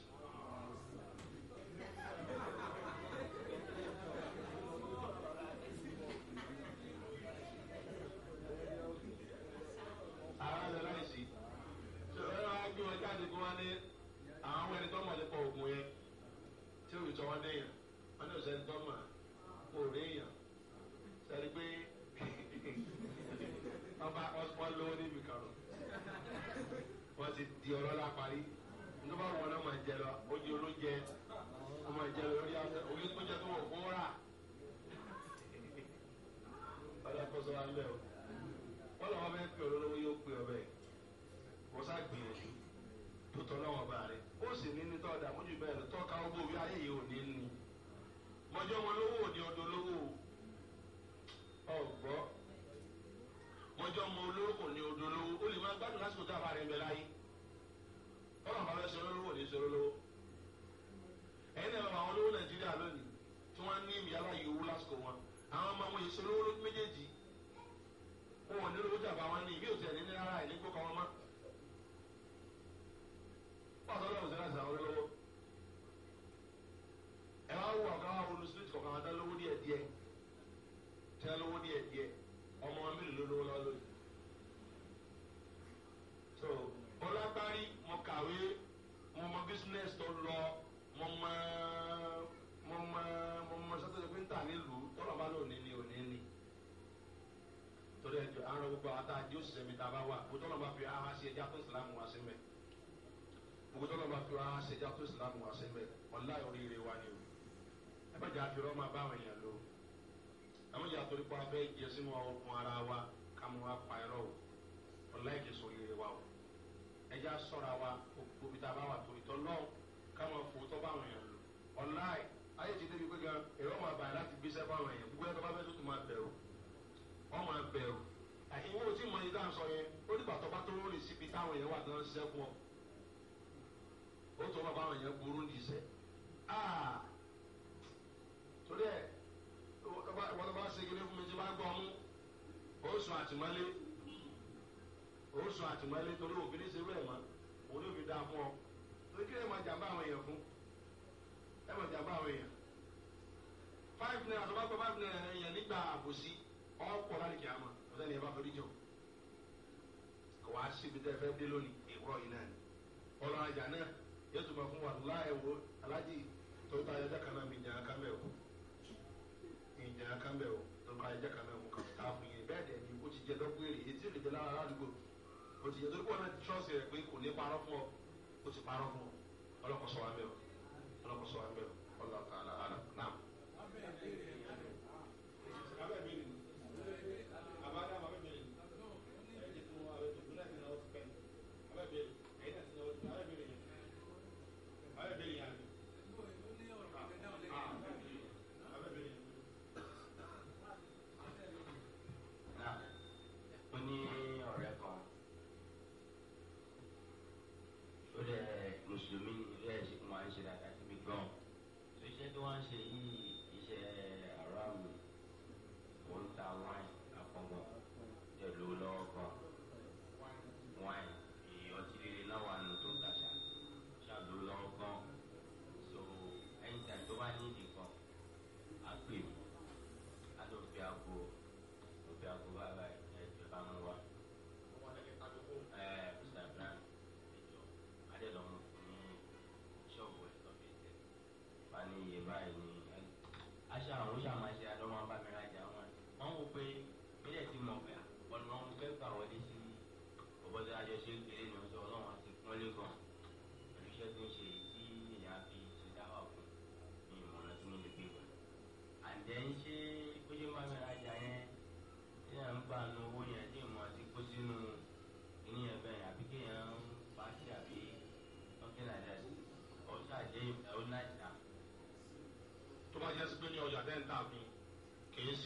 wọn léèyàn wọn ní òsè ńdọ́mà kò léèyàn sẹ́ni pé <laughs> ọba ọsùn wọn lówó níbi kan wọ́n ti di ọ̀rọ̀ láparí. ọjọ́ wọn lówó ní ọdún lówó ọgbọ́ ọjọ́ mọ olóró kò ní ọdún lówó ó lè má gbádùn lásìkò tá a rẹ̀ ń bẹ láyé. sẹ́mi tá a bá wà gbogbo tọ́lọ́ bá fi aha ṣe ẹja tó ìsìlámù wá sí mẹ́ gbogbo tọ́lọ́ bá fi aha ṣe ẹja tó ìsìlámù wá sí mẹ́ ọ̀la oríire wa ni o ẹ bá jà á fi rọ́ máa bá àwọn èèyàn lò àwọn ìyá torí pa abẹ́ jẹ sínú ọkùn ara wa ká mú wa pa ẹ̀rọ o ọ̀la ìkè sọ oríire wa o ẹja sọ̀ra wa gbogbo tá a bá wà torí tọ́ lọ́ ká mọ̀ fò tọ́ bá àwọn èèyàn lò ọ̀la ayé ti débi pé gan ẹ̀rọ máa láti gbéṣẹ́ fáwọn èèyàn gbogbo ẹ̀ tó bá fẹ́ tó tún máa bẹ̀rù ìwọ ò tí mọ ní dáhùn sọ yẹn ó nígbà tó bá tó rìn síbi táwọn èèyàn wà náà ṣẹ́kù ọ ó tó bá báwọn èèyàn burú ní ìṣẹ́ ah! torí ẹ wọ́n tó bá segin fún mi tí bá gbọ́ mú ó sùn àtìmọ́lé ó sùn àtìmọ́lé torí òbí ní sewé ẹ̀ mọ́ òun ní òbí dáa fún ọ torí kí ẹ máa jàmbá àwọn èèyàn fún ẹ máa jàmbá àwọn èèyàn five naira tó bá gbọ́ five naira èèyàn nígbà àbòsí ọ̀pọ̀ láti kìá mọ́ sẹ́ni ẹ bá forí jọ kò wá síbi tẹ́ fẹ́ dé lónìí ìwúrọ̀ yìí náà ni ọ̀rọ̀ àjà náà yóò tún máa fún wa láì wo aláàjì tó ta ẹja kan náà mi ìjà kan bẹ̀ o ìjà kan bẹ̀ o tó ka ẹja kan náà mo kà tá a fún yẹn bẹ́ẹ̀ dẹ̀ ni ó ti jẹ lọ́gbọ́ èrè etí ò lè jẹ lára àdúgbò ó ti jẹ tó kọ́ náà ti ṣọ́ọ̀ṣì rẹ̀ pé kò ní parọ́ fún ọ ó ti parọ́ fún ọ ọlọ́kọ̀ sọ wa mẹ́ o ọlọ́kọ̀ sọ wa mẹ́ o.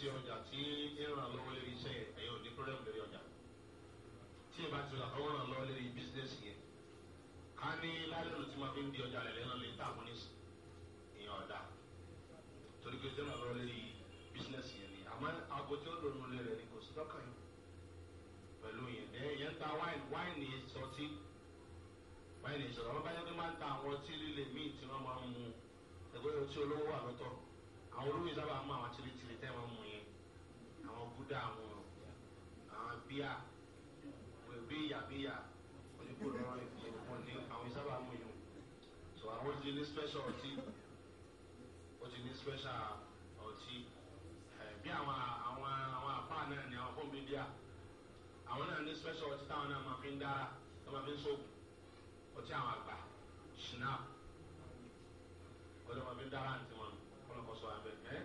ṣe ọjà tí ń ràn lọ́wọ́ lórí iṣẹ́ yẹn ẹ̀yọ́ ní problem lórí ọjà tí ìbá ti ràn lọ́wọ́ ràn lórí business yẹn ká ní lálẹ́rù tí wọ́n fi ń di ọjà rẹ̀ lẹ́nà lè ta àwọn oníṣẹ́ ìyẹn ọ̀dà torí pé tí lórí business yẹn ni àmọ́ aago tí ó lò lórí rẹ̀ ni kò sí lọ́kàn yìí pẹ̀lú yẹn ẹ̀ yẹn ta wáìnì wáìnì sọtí wáìnì ìṣọ̀rọ̀ wọn bá yẹ kí máa ń ta àwọn ọtí líle míì tí wọ́n máa ń mu ẹgbẹ́ ọtí olówó wà àwọn olówó ìsábà máa àwọn tìrìtìrì tẹ́ wọn mu gbé àwọn àwọn bíà bí ìyàbíyà oníkóró wọn wọn ní àwọn sábà mú yòó so àwọn ti ní special ọtí ó ti ní special ọtí eh, bí àwọn àwọn àwọn apá náà ní àwọn fóònù bíà àwọn náà ní special ọtí táwọn náà máa fi ń dára tó máa fi ń sóògùn ọtí àwọn àgbà schnapp ọdún máa fi ń dára àǹtí wọn kọlọkọ sọ abẹ ẹ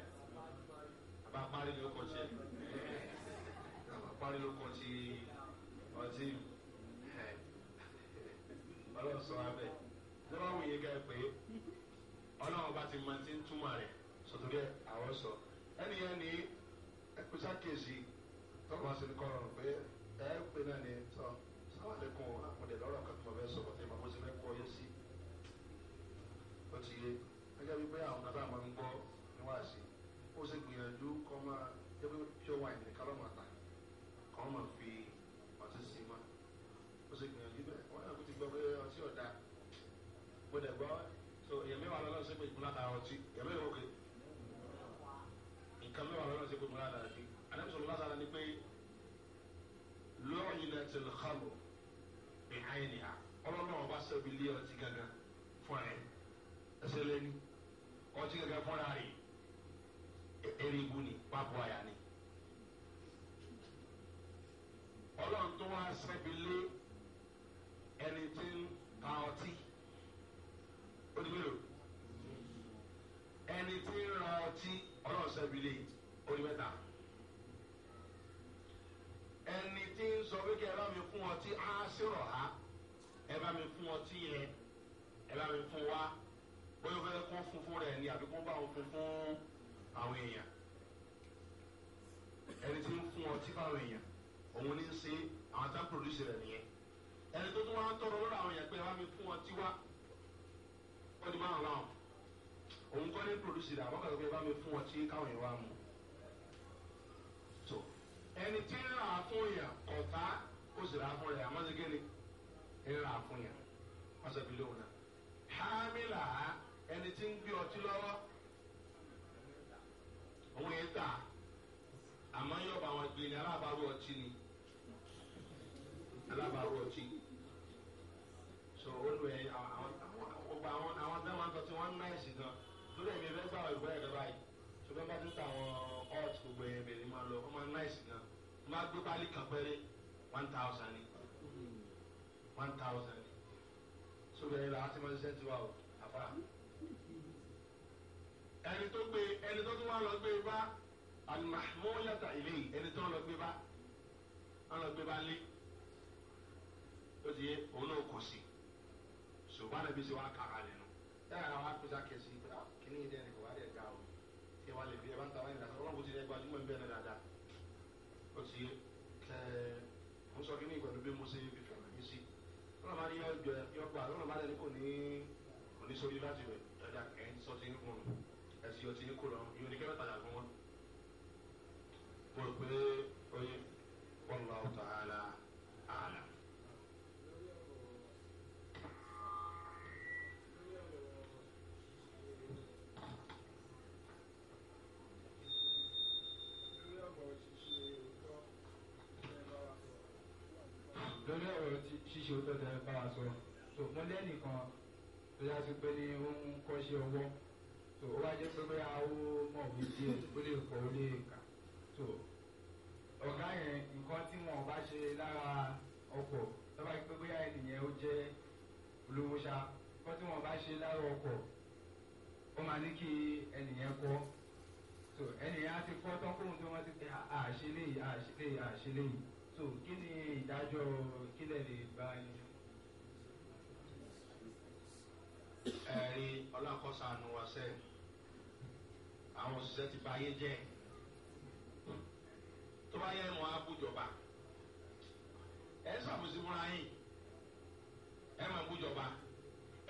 abá parí ni ó kọ tiẹ buhari ló kọ ti ọtí ọlọ́run sọ abẹ lọ́wọ́ àwọn yẹn gẹ́gẹ́ pé ọlọ́run bá ti máa ti ń túmọ̀ rẹ̀ sọ̀tọ̀rẹ́ àwọn sọ ẹni yẹn ní ẹkùsá kejì tọ́kọ̀ sí kọ́ ọ̀rọ̀ pé ẹ pé náà ní tọ́ sáwàlẹ́kùn àpọ̀dẹ̀ lọ́rọ̀ kan tó fẹ́ sọ̀rọ̀ tẹ́ màmú sí mẹ́kọ̀ọ́ yẹn sí ó ti yé gẹ́gẹ́ bí pé àwọn kan tá a máa ń gbọ́ níwáàsí ó sì gbìyànjú kọ́ máa jẹ́ pé pure wine nìkan lọ́mọ àwọn máa fi ọtí sí ma ó sì gbìyànjú bẹ́ẹ̀ wọ́n náà kó ti gbọ́ pé ọtí ọ̀dà mo dẹ̀ gbọ́ so èèyàn mẹ́wàá lọ́lọ́ sí pé ìmúlá ta ọtí èèyàn mẹ́wàá òkè nǹkan mẹ́wàá lọ́lọ́ sí pé ìmúlá ta ọtí àdébùsọ̀rọ̀ lásán ni pé lọ́ọ̀yìn náà ti lè xamù ní àyìnìyà ọlọ́nà ọba sẹ́bi lé ọtí gángan fún ẹ ẹsẹ̀ lẹ́nu ọtí gángan fún ẹ èrè e-, ibu ni pápá àyà ni. wá sẹ́bi lé ẹni tí ń ta ọtí onímọ̀lò ẹni tí ń ra ọtí ọlọ́run sẹ́bi lé onímọ̀ta ẹni tí ń sọ wíkẹ́ ẹ bá mi fún ọtí á sírọ̀ ha ẹ bá mi fún ọtí yẹn ẹ bá mi fún wa bóyá fẹ́ kó fún fún rẹ̀ ni àbí kó bá wọn fún àwọn èèyàn ẹni tí ń fún ọtí fáwọn èèyàn òun ní í ṣe àwọn tá produce rẹ̀ nìyẹn ẹni tó tún wá ń tọrọ lọ́dọ̀ àwọn yẹn pé wá mi fún ọtí wá wọ́n ti máa ń láwọn òun kọ́ ní produce rẹ̀ àwọn kàtàkùn yẹn mi fún ọtí káwọn yẹn wá mu so ẹni tí ń rà fún yẹn ó sì rà fún àmọ́ ṣe kéde ń rà fún yẹn wọ́n sọ náà hámìlà ẹni tí ń gbé ọtí lọ́wọ́ òun yẹn tà àmọ́ yọ̀ọ̀ bá wọn gbé ni alábàárò ọtí ni alábàárọ̀ ọtí so olùwẹ̀ ọgbà àwọn àwọn tí wọ́n ń tọ́tí wọ́n ń ná ẹ̀sìn gan lórí ẹ̀mí ẹgbẹ́ gbà ìgbọ́ ẹ̀dọ́ báyìí tó bá bá tún àwọn ọ̀t gbogbo ẹ̀mí ẹ̀mí máa lọ wọ́n máa ń ná ẹ̀sìn gan wọ́n máa gbé pálí kan pẹ́rẹ́ one thousand ni one thousand ni so bẹ̀rẹ̀ la ti máa ṣiṣẹ́ tiwa o àfa ẹni tó gbé ẹni tó tún wá lọ gbé bá alimahimoyata ilé ẹni tó lọ gbé bá lọ gbé bá lé ó ti yé òun náà kò sí ṣùgbọ́n àbí ṣe wàá kàkà lẹ́nu yàrá àwọn apèsè àkẹ́sì ah, kìíní yìí dẹ́nu kò wá dẹ̀ ga o ṣé wàá lè fi ẹ̀ bá ń ta wáyé ìdásọ́ ọlọ́run kò ti dẹ́ gbajúmọ̀ ń bẹ̀rẹ̀ dáadáa o ti yé ẹ̀ mo sọ kìíní ìgbàlú bí mo ṣe fi fẹ̀rẹ̀ mi sí ọlọ́run máa ní yọgbà ọlọ́run máa lẹ́nu kò ní oníṣòrí láti rẹ̀ ẹ̀dá ẹ̀ ń sọ ti ń kùn ẹ̀sìn ọtí ń kó lọ ìyóò ní kẹ́mẹ́ta làgùn wọn. mo rò pé oyin wọn lọ ọ̀tọ̀ àlà ṣíṣe ó tọ́ta ẹ bá wa sọ tó mo lẹ́nìkan tó yá sí pé ní ó ń kọ́ṣẹ́ ọwọ́ tó ó wá jẹ́ pé bóyá ó mọ̀ wí díẹ̀ ó lè kọ́ ó lè kà tó ọ̀gá yẹn nǹkan tí wọn ò bá ṣe lára ọkọ̀ tó bá pé bóyá ènìyàn ó jẹ́ olówó ṣá nǹkan tí wọn ò bá ṣe lára ọkọ̀ ó máa ní kí ènìyàn kọ́ tó ènìyàn á ti kọ́ tán kóhun tó wọ́n ti pé àṣeléyìí àṣeléyìí àṣeléyìí so kí ni ìdájọ́ kílẹ̀ lè bá ẹni fún. ẹ̀rí ọlọ́kọ̀sánú wa sẹ́yìn àwọn òṣìṣẹ́ ti ba ayé jẹ́ tó bá yẹ wọn á bújọba ẹ ṣàbùsí fúnra yín ẹ máa bújọba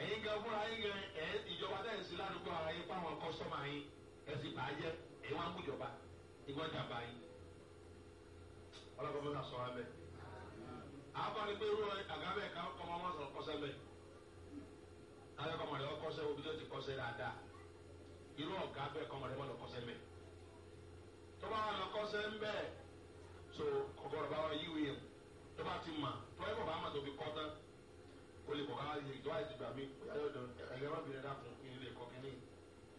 ẹ̀yin gan fúnra yín gan ẹ ìjọba tẹ̀ sí ládùúgbò ara yín pa àwọn kọ́sọ́mà yín ẹ sì bàá jẹ́ ẹ wọn á bújọba ìwọ́n yín ọlọ́kọ̀ọ́bọ̀ ta sọ abẹ. àbáni pé irú àgábẹ̀ ká ọkọ̀ ọmọ sọ̀rọ̀ kọ́sẹ́ bẹ̀. káyọ̀ kọ́mọ rẹ̀ ọkọ́sẹ́ obi tó ti kọ́sẹ́ dáadáa. irú ọ̀gá bẹ̀ kọ́mọ rẹ̀ mọ̀ lọ kọ́sẹ́ bẹ̀. tó bá wà lọ kọ́sẹ́ ń bẹ̀ so kọ̀kọ̀rọ̀ bá wà yíwì yẹn tó bá ti mà tó ẹ̀ bọ̀ bá mà tó fi kọ́ tán kó lè kọ̀ọ̀ká yẹ ìjọ àìjìgbà mi ẹ̀yẹ́rọ̀ bìnrin dàkún kí n lè kọ́ kínní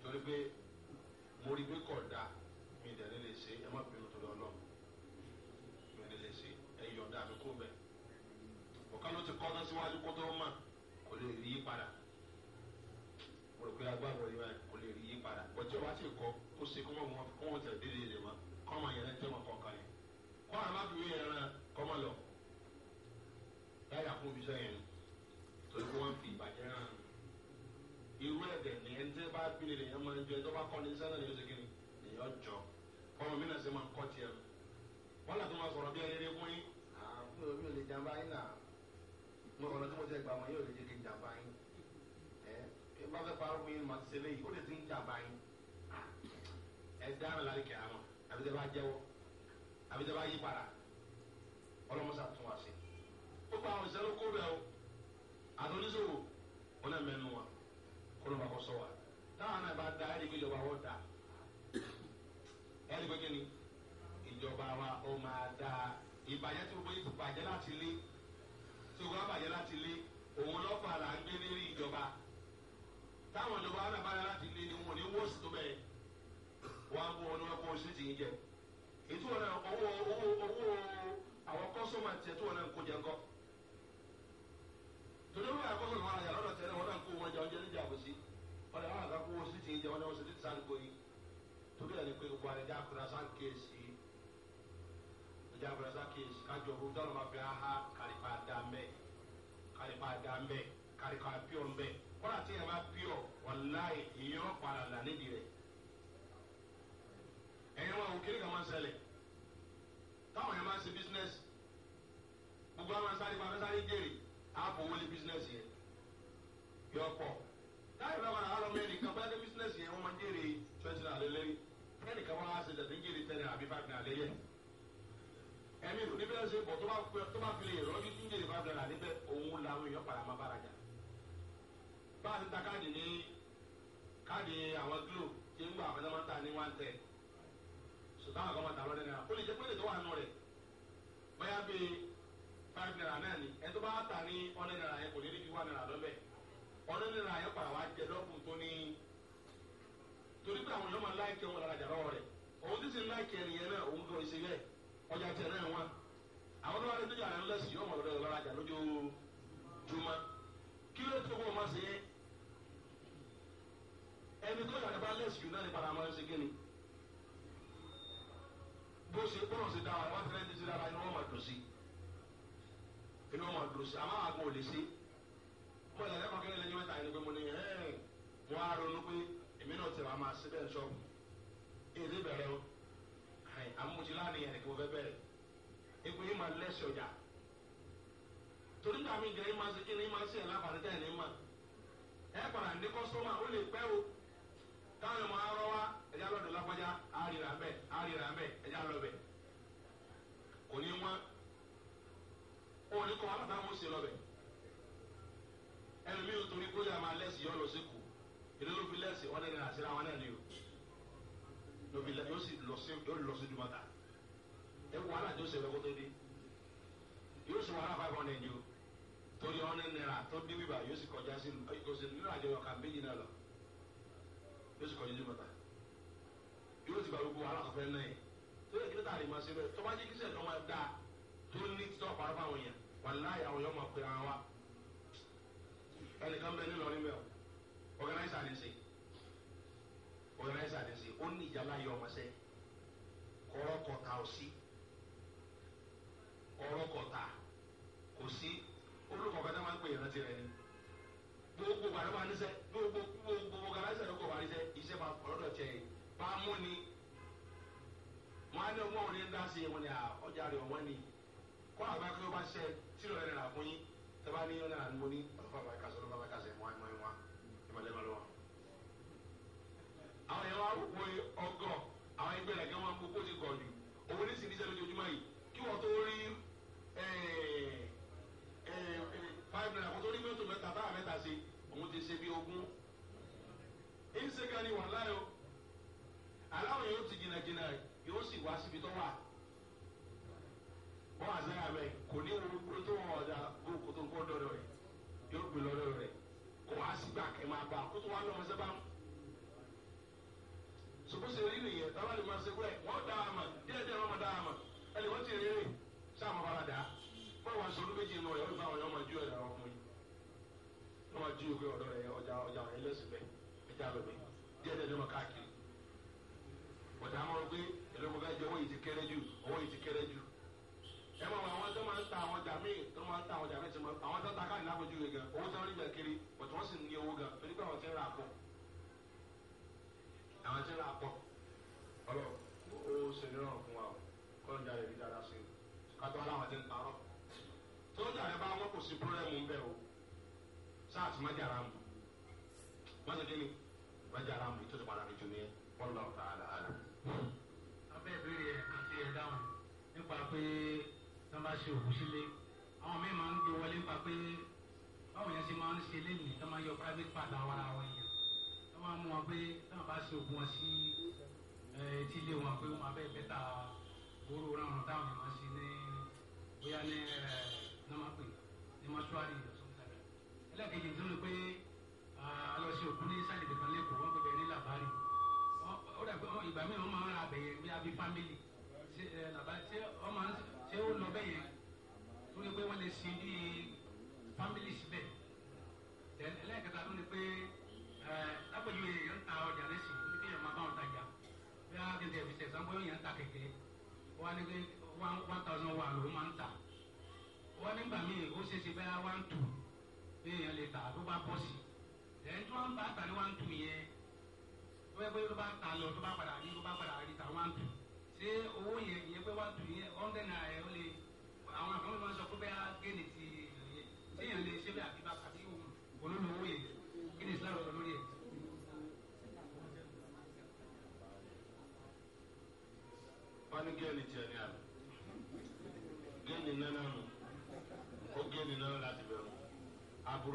torí pé mo rí pé kọ̀ dáa kọ́nà síwájú kó tó mọ̀ kò lè rí yí padà mo rò pé agbábọ̀ yìí báyìí kò lè rí yí padà ọjọ́ wa ti kọ́ kó ṣe kó mọ̀ kó wọ́n tẹ̀ dédé rẹ̀ mọ́ kọ́ mọ̀ yẹn tẹ́ mọ̀ kọ̀ọ̀kan yẹn kọ́ àmà fi wí yẹn rán kọ́ mọ̀ lọ láyà fún ibi sẹ́yìn torí kó wọ́n fi ìbàjẹ́ rán irú ẹ̀dẹ̀ ní ẹni tẹ́ bá bí lèèyàn máa ń jẹ tó bá kọ́ ní sẹ́nà ní oṣù kìíní lèèyàn jọ ọmọ mi náà ṣe mo kàn lọ sí mo jẹ́ ìgbà wọn yóò lè jẹ́ kí n jàmbá yín ẹ bá fẹ́ parọ́ mi mà ti ṣẹlẹ̀ yìí ó lè ti ń jàmbá yín a dáhùn láti kẹ́ àwọn àbí tẹ́ bá jẹ́wọ́ àbí tẹ́ bá yí padà ọlọ́mọṣà tún wá sí ó gba àwọn ìṣẹ́lẹ̀ kó rẹ̀ o àtúnṣòwò wọn náà mẹ́nu wa kó ló bá kọ́ sọ wa táwọn náà bá da ẹ̀rí pé ìjọba wọ́n da ẹ̀rí pé kí ni ìjọba wa ó máa da ìbàjẹ́ tó gbé ìbàjẹ́ láti lé. ṣùgbọ́n àbàyẹ láti lé òun lọ́pàá là ń gbé lérí ìjọba táwọn ìjọba alábàárà láti lé ni wọn ní wó sí tó bẹ́ẹ̀ wọn á mú ọ ní wọn kó ṣe tìyín jẹ ìtura náà owó owó owó àwọn kọ́sọ́mà tiẹ̀ tó wọn jẹ ńkọ́ wọn wọn wọn jẹ níjà àbòsí wọn jẹ wọn dá mbẹ kárípa dá mbẹ kárípa píọ mbẹ kọ́lá tí yẹn bá píọ wàláyé ìyẹn padà là nídìí rẹ̀ ẹ̀yin wọn ò kéré kan máa ń business gbogbo àwọn sáré máa ń sáré jèrè àpò business yẹn yọ pọ̀ táyà bá wà lọ́wọ́ mẹ́rin kan business yẹn wọ́n máa twenty naira lélẹ́yìn kẹ́nìkan wọ́n á se dàdé ń jèrè ten naira ẹ̀mí ìlú níbẹ̀ ṣe bọ̀ tó bá file ìrọ́jú tún jèrè five naira níbẹ̀ òun làwọn èèyàn padà máa bára jà. bá a ti ta káàdì ní káàdì àwọn glo tí ń gbà àwọn ẹ̀dá máa ń ta ní one ten ṣùgbọ́n àwọn kan máa ta lọ́dẹ náírà ó lè jẹ́ pé èdè wà nù rẹ̀ bóyá bíi five naira náà ni ẹ̀ tó bá ta ní ọ̀nẹ́ naira yẹn kò ní ní fi one naira lọ́bẹ̀ ọ̀nẹ́ naira yẹn padà wá jẹ lọ́kùn tó ní torí pé àwọn èèyàn máa láìkẹ́ wọn lára jà lọ́wọ́ rẹ̀ òun ti sì láìkẹ́ ẹ̀rìn yẹn náà òun gan ìṣe bẹ́ẹ̀ ọjà tiẹ̀ náà wà àwọn tó wà lójú àná lẹ́sìn yóò mọ̀ lọ́dọ̀ ìwà rajà lójoojúmọ́ kí ló tó kó o má se é ẹni tó yàrá bá lẹ́sìn yóò náà ní padà máa ń se kí ni bó ṣe bọ́ọ̀ ṣe dára wọ́n fẹ́ẹ́ ti ṣe dára inú wọn máa dùn sí inú wọn máa dùn sí àmọ́ àgọ́ ò lè ṣe mo lè lẹ́kọ̀ọ́ kí ni lẹ́yìn mẹ́ta ẹni pé mo ní ẹ́ẹ̀ wọ́n á ronú pé èmi náà tẹ̀ wá máa ṣe bẹ́ẹ̀ sọ́ọ̀bù àmọ́ mo ti láàrin yẹn nìkan mo fẹ́ bẹ̀rẹ̀ ipò yìí máa lẹ́sẹ̀ ọjà torí gbà mí gẹ̀rẹ́ máa kí ni máa ṣe ẹ̀ láǹfààní tẹ̀ ní mà ẹ padà ní kọ́sọ́mà ó lè pẹ́ o táwọn ọmọ arọ wa ẹ̀já lọ́dọ̀ lápájá àríra bẹ́ẹ̀ àríra bẹ́ẹ̀ ẹ̀já lọ bẹ́ẹ̀ kò ní wọ́n ó ní kọ́ alábàámu ṣe lọ bẹ́ẹ̀ ẹlòmíràn torí kó yà máa lẹ́sìn yọ ni o lóbi la yóò sì lọ sí yóò lọ sí dùmọ̀tà ẹ wọ alájọ sẹlẹ kó tó dé yóò sì wàhálà five hundred yìí o torí ọ̀nẹ́ náírà tó dé wíwá yóò sì kọjá sí kò sí nínú àjọyọ̀ kan méjì náà lọ yóò sì kọjá sí dùmọ̀tà yóò sì gbàgbọ́ wàhálà kọfẹ́ náà yẹn tó yẹ kí ló tà lè máa ṣe bẹ́ẹ̀ tó bá jẹ́ kí sẹ̀ tó máa dáa tó ní tó pa fún àwọn èèyàn wàláyé àwọn yọmọ pé ara wa ẹnìkan bẹ nílọrin o organizer ni sí organizer ni ó ní ìjàlá yọ ọmọ sẹ ọ̀rọ̀ kọ̀tà ò sí ọ̀rọ̀ kọ̀tà kò sí olùkọ́ kan náà máa ń pè ìrántí rẹ ni gbogbo wàrà wà níṣẹ́ gbogbo gbogbo kàrà ìṣẹ̀lẹ̀ kọ̀ wà níṣẹ́ iṣẹ́ máa pọ̀ lọ́dọ̀ tiẹ̀ bá a mú ni wọn á ní ọmọ òní ń dá sí wọn ni ọjà rẹ wọn ni kó àgbà kí ó bá ṣe tí lọ́ọ́ rẹ̀ rà fún yín tẹ́bá ní ọ̀nà àánú ní ọlọ́fà bàbá kásẹ̀ ọlọ́fà bàbá kásẹ̀ wọn á ní wọn ìmọ̀lẹ́mọ̀lẹ́wọ̀n. àwọn yẹn wá wò iṣẹ́ lójoojúmọ́ yìí kí wọ́n tó rí eh, eh, eh, five naira wọ́n tó rí mẹ́tò mẹ́ta báà mẹ́ta ṣe òun ti ṣe bí ogún ìṣèkànnì wà láyọ̀ aláwọ̀ yóò ti jìnnà jìnnà yóò sì wá síbi tó wà wọ́n àṣẹ àbẹ̀ kò ní wo kúrò tó wọ́n ọ̀dà gbogbo tó ń kọ́ dọ́dọ̀ rẹ̀ yóò gbé lọ́dọ̀ rẹ̀ kò wá sígbà kẹ́ máa bá kó tó wá lọ́mọ sẹ́bà ṣùgbọ́n ṣe rí nìyẹn táwọn máa ṣe wẹ́ẹ̀. yóò gbé ọ̀dọ́ rẹ̀ ọjà ọjà ọ̀rẹ́ lẹ́sìn bẹ́ẹ̀ ẹja lọ bẹ́ẹ̀ díẹ̀ díẹ̀ lọ́mọ káàkiri ọ̀tá máa ń gbé ẹlọ́mọ bá jẹ́ wọ́n ti kéré jù sì má jàrá mu má sì kíni má jàrá mu ìtọ́jú taala. ní ju ní ọ̀là ọ̀tá àlà àlà. abẹ́ ìbéèrè ẹ̀ àti ẹ̀ dáhùn nípa pé tó bá ṣe òkú sílé àwọn míì máa ń gbé wọlé nípa pé báwo yẹn private part àwọn ara wọn yẹn tó máa mú wọn pé tó bá ṣe òkú wọn sí etí ilé wọn pé wọn máa bẹ́ẹ̀ bẹ́ẹ̀ ta gbóró ráwọn táwọn yẹn máa ṣe ní bóyá ní ẹ̀ ní wọ́n máa pè ní mọ́ṣúárì yẹn lẹ́ẹ̀kejì tó lè pé alọ́sí òkú ní sáyẹ̀dì kan lẹ́kọ̀ọ́ wọn pẹ̀lú ní làbárì ó dà pé ìgbà míì wọ́n máa ń ra abẹ̀yẹ bí abi family ṣé ó máa ń ṣé ó lọ bẹ́yẹn tó lè pé wọ́n lè sin bí family síbẹ̀ lẹ́ẹ̀kẹta tó lè pé lápẹ̀jú èèyàn ń ta ọjà lẹ́sìn ní kéèyàn máa bá wọn tajà bí wọ́n kẹ̀kẹ́ fi ṣẹ̀sán bóyá èèyàn ń ta kẹ̀kẹ́ wọ́n á ní pé one thousand one ló máa ń ta wọ́n nígbà míì ó ṣeéṣe bẹ́ẹ̀ one two téèyàn lè tà tó bá bọ́ sí lẹ́yìn tí wọ́n bá tà ní wọ́n á tù yẹn tó yẹ pé tó bá tà lọ tó bá padà rí tó bá padà rí tà wọ́n á tù ṣé owó yẹn ìyẹn pé wọ́n á tù yẹn ọ̀ndẹ̀ náà ẹ̀ ó lè àwọn àkànlò máa sọ pé bẹ́ẹ̀ á gé ní ti yẹn téèyàn lè ṣe bẹ́ẹ̀ àti bá àti òun olólùwọ́ yẹn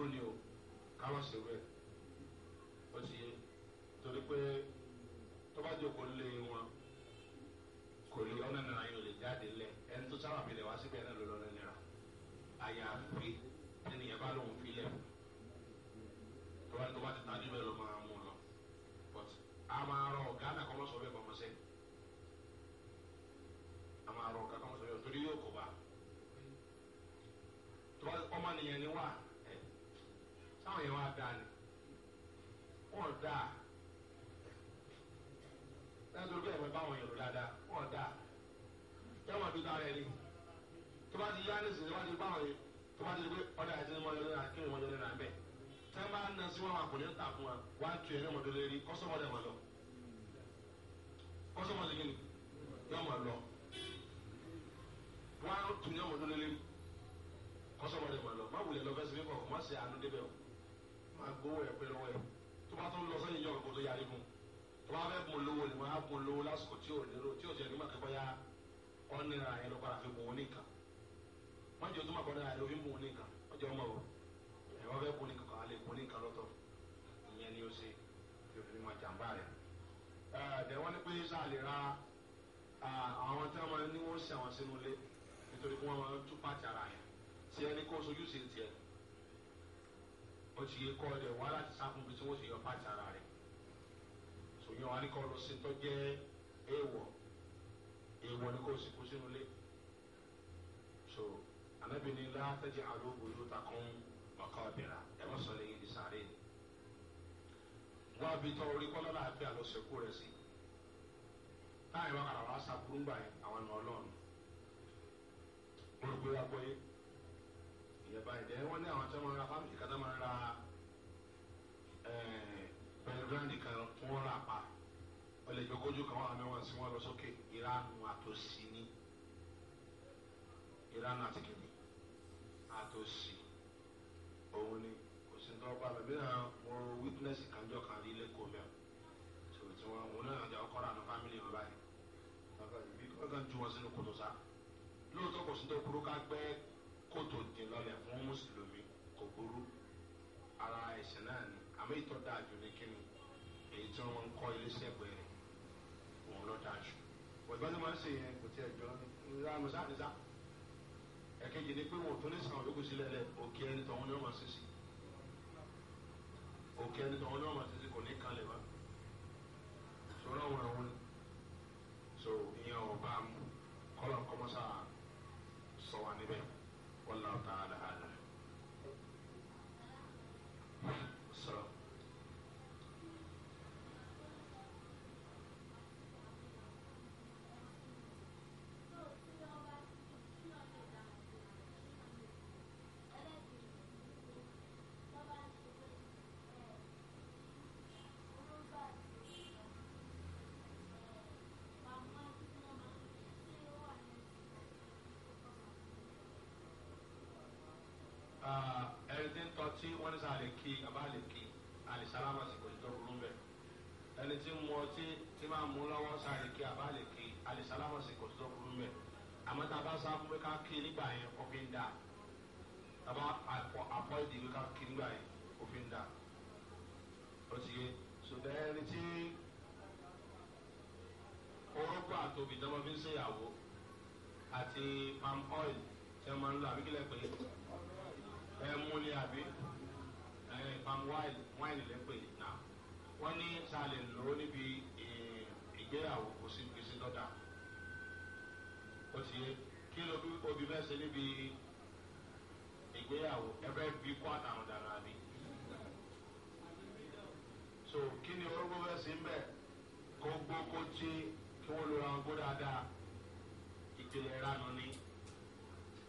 aburú ni o ká má ṣe rẹ ó ti yé torí pé tó bá jókòó lé wọn kò lè ọ̀nà náà yóò lè jáde lẹ ẹni tó sábà fi lè wá síbẹ̀ náà ló lọ́ọ́ lẹ́nira àyàfi ẹnìyẹn bá lòun fi lẹ̀ tó bá tó bá ti tajú bẹ́ẹ̀ ló máa mú un lọ but a máa rọ ọ̀gá náà kọ́ mọ́ bẹ́ẹ̀ kọ́ a máa rọ ọ̀gá kọ́ mọ́ bẹ́ẹ̀ torí yóò kó bá tó ọmọ nìyẹn ni wà táwọn èèyàn wá dá ni wọ́n dá látòrí báwọn èèyàn dáadáa wọ́n dá tẹ́wọ̀n tó dára ẹni tó bá ti yá ní sèse tó ti báwọn yìí tó bá ti di pé ọ̀dà àti ìmọ̀ ìlú náà kí ìmọ̀ ìlú náà bẹ̀ tẹ́ bá ń nasí wọn àpò ní ta fún wa wá tu ẹ̀ ní ọmọdé lérí kọ́sọ́mọdé wọn lọ kọ́sọ́mọdé kí ni yọ̀ọ́ mọ̀ lọ wọ́n á tún ní ọmọdé lérí kọ́sọ́mọdé wọn lọ má wulẹ̀ lọ fẹ́ sinmi kọ̀ọ̀kan má se àánú débẹ̀ o máa gbowó ẹ̀ pé lọ́wọ́ ẹ̀ tó bá tó ń lọ sẹ́yìn yọ̀ ọ̀gbọ́n tó yarí mu tó bá fẹ́ bùn lówó ni wọ́n á bùn lówó lásìkò tí ò lérò tí ò jẹ́ nígbà kẹ́kọ̀ọ́ yá wọ́n nira ẹ̀ ló padà fi bùn ó nìkan wọ́n jẹ́ tó máa kọ́ra ẹ̀ ló fi bùn ó nìkan wọ́n jẹ́ ọmọ o ẹ̀ wọ́n fẹ́ bùn nìkan kan alẹ́ bùn nìkan lọ́tọ̀ ìyẹn ni ó ṣe tí ó fi máa jàǹbá rẹ̀ ẹ̀ wọ́n ní pé sáà lè ra àwọn tí wọ́n ní wọ́n ṣe àwọn sínú ilé nítorí pé wọ́n máa tún pàtì ara yẹn tiẹ̀ ní kó sojú sí tiẹ̀ ó ti yẹ kọ́ ọ dẹ̀ wá láti sáfún bí tí wọ́n ti yọ pàtì ara rẹ̀ sòyìn wa ní kọ́ lọ sí tó jẹ́ èèwọ̀ èèwọ̀ ni kò sì kú sínú ilé so anabi ni látàjẹ́ àlóògùn yóò ta kún ọkọ ọbẹ̀rà ẹ má sọ lẹ́yìn ìsàrè ni wọ́n á bí tọ́ orí kọ́ lọ́la àfi àlọ́sẹ̀kú rẹ̀ sí táyà wákàrà wàá sàkúrú gbà yẹn àwọn ọ̀nà ọlọ́run mo rò pé gbọ́ yé ìyẹn báyìí dẹ́ wọ́n ní àwọn tí wọ́n ra fáwọn ìkàtà máa ra pẹlúgráǹdì kan tí wọ́n rà pa ọlẹ́ ìjọkójú kan wọ́n àmì wọn sí wọn lọ sókè ìranu àtòsí ní ìranu àti kìnnì àtòsí òun ni kò sí tó pa bẹ̀bí náà mo wítínẹ́sì kanjọ́ kan rí lẹ́kọ̀ọ́ mẹ́wàá sọ̀rọ̀ tí wọ́n òun náà jẹ́ ọkọ̀ rà ní fámìlì wọn báyìí wọ́n kàn ju wọn sínú kòtò sá lóòótọ́ kò sí tó kúrú ká gbẹ́ kóòtù dín lọ́lẹ̀ fún mùsùlùmí kò burú ara ẹ̀sìn náà ni àmọ́ ìtọ́ dáa jù ní kíni èyí tí wọ́n ń kọ́ iléeṣẹ́ gbẹ̀rẹ̀ òun lọ́ dáa jù ni wọ́n ń ṣe yẹn kò tiẹ̀ jọ ńlá mùsàdìsá ẹ̀kejì ni pé wọn ò tún ní san òyòkù sílẹ̀ lẹ̀ òkè ẹni tọ̀hún ni wọ́n máa òkè ẹni tọ̀hún ni wọ́n máa kò ní kan lè wá sọ̀rọ̀ wọn àwọn so ìyẹn ọba ọ̀rọ̀ tí tí máa mú lọ́wọ́ sáré kí àbá lè kí alẹ́sàlámọ̀ sí kò tó burú mẹ́ àmọ́ tá a bá sáà pé ká kí nígbà yẹn òfin dà tàbá àpọ̀ ìdí pé ká kí nígbà yẹn òfin dà ó ti yé sọdọ̀ ẹni tí orógbó àtòbí tí wọ́n fi ń ṣèyàwó àti palm oil tí wọ́n máa ń lò àbí kílẹ̀ pé ẹ mú ni àbí palm wine wine lẹ́pẹ̀ẹ́ wọ́n ní ta lè lò ó níbi e, ìgbéyàwó kò sí gbèsè lọ́dà ó ti yé kí ló bí obì mẹ́sẹ̀ níbi ìgbéyàwó ẹgbẹ́ bí kó àtàwọn dàrá ni so kí ni orógbó mẹ́sẹ̀ ń bẹ̀ kó gbó kó tí kí wọ́n lo àwọn gbó dáadáa ìpìlẹ̀ ránu ní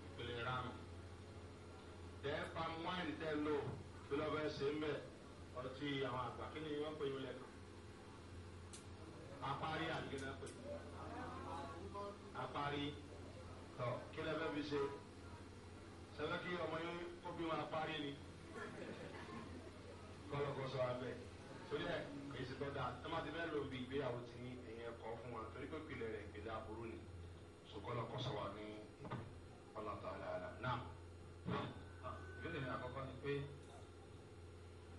ìpìlẹ̀ ránu tẹ́ palm tẹ́ lò kí ló bẹ́ẹ̀ sẹ́ ń bẹ̀ ọtí àwọn àgbà kí ni wọ́n pè yín lẹ́nu apárí àgbẹ̀nà pè apárí tọ kí lẹ fẹ́ fi ṣe sẹ́fẹ́ kí ọmọ yín ó bí wọn apárí ni kọ́lọ́kọ́ sọ abẹ́ torí ẹ̀ kì í ṣe tọ́ da ẹ má ti fẹ́ lò bí ìgbéyàwó ti ní ẹ̀yìn ẹ̀kọ́ fún wa torí pé ìpìlẹ̀ rẹ̀ ìpìlẹ̀ aburú ni sọkọ́lọ́ kọ́ sọ wa ní ọlọ́tàlá náà ah, ìbéèrè mi àkọ́kọ́ ni pé.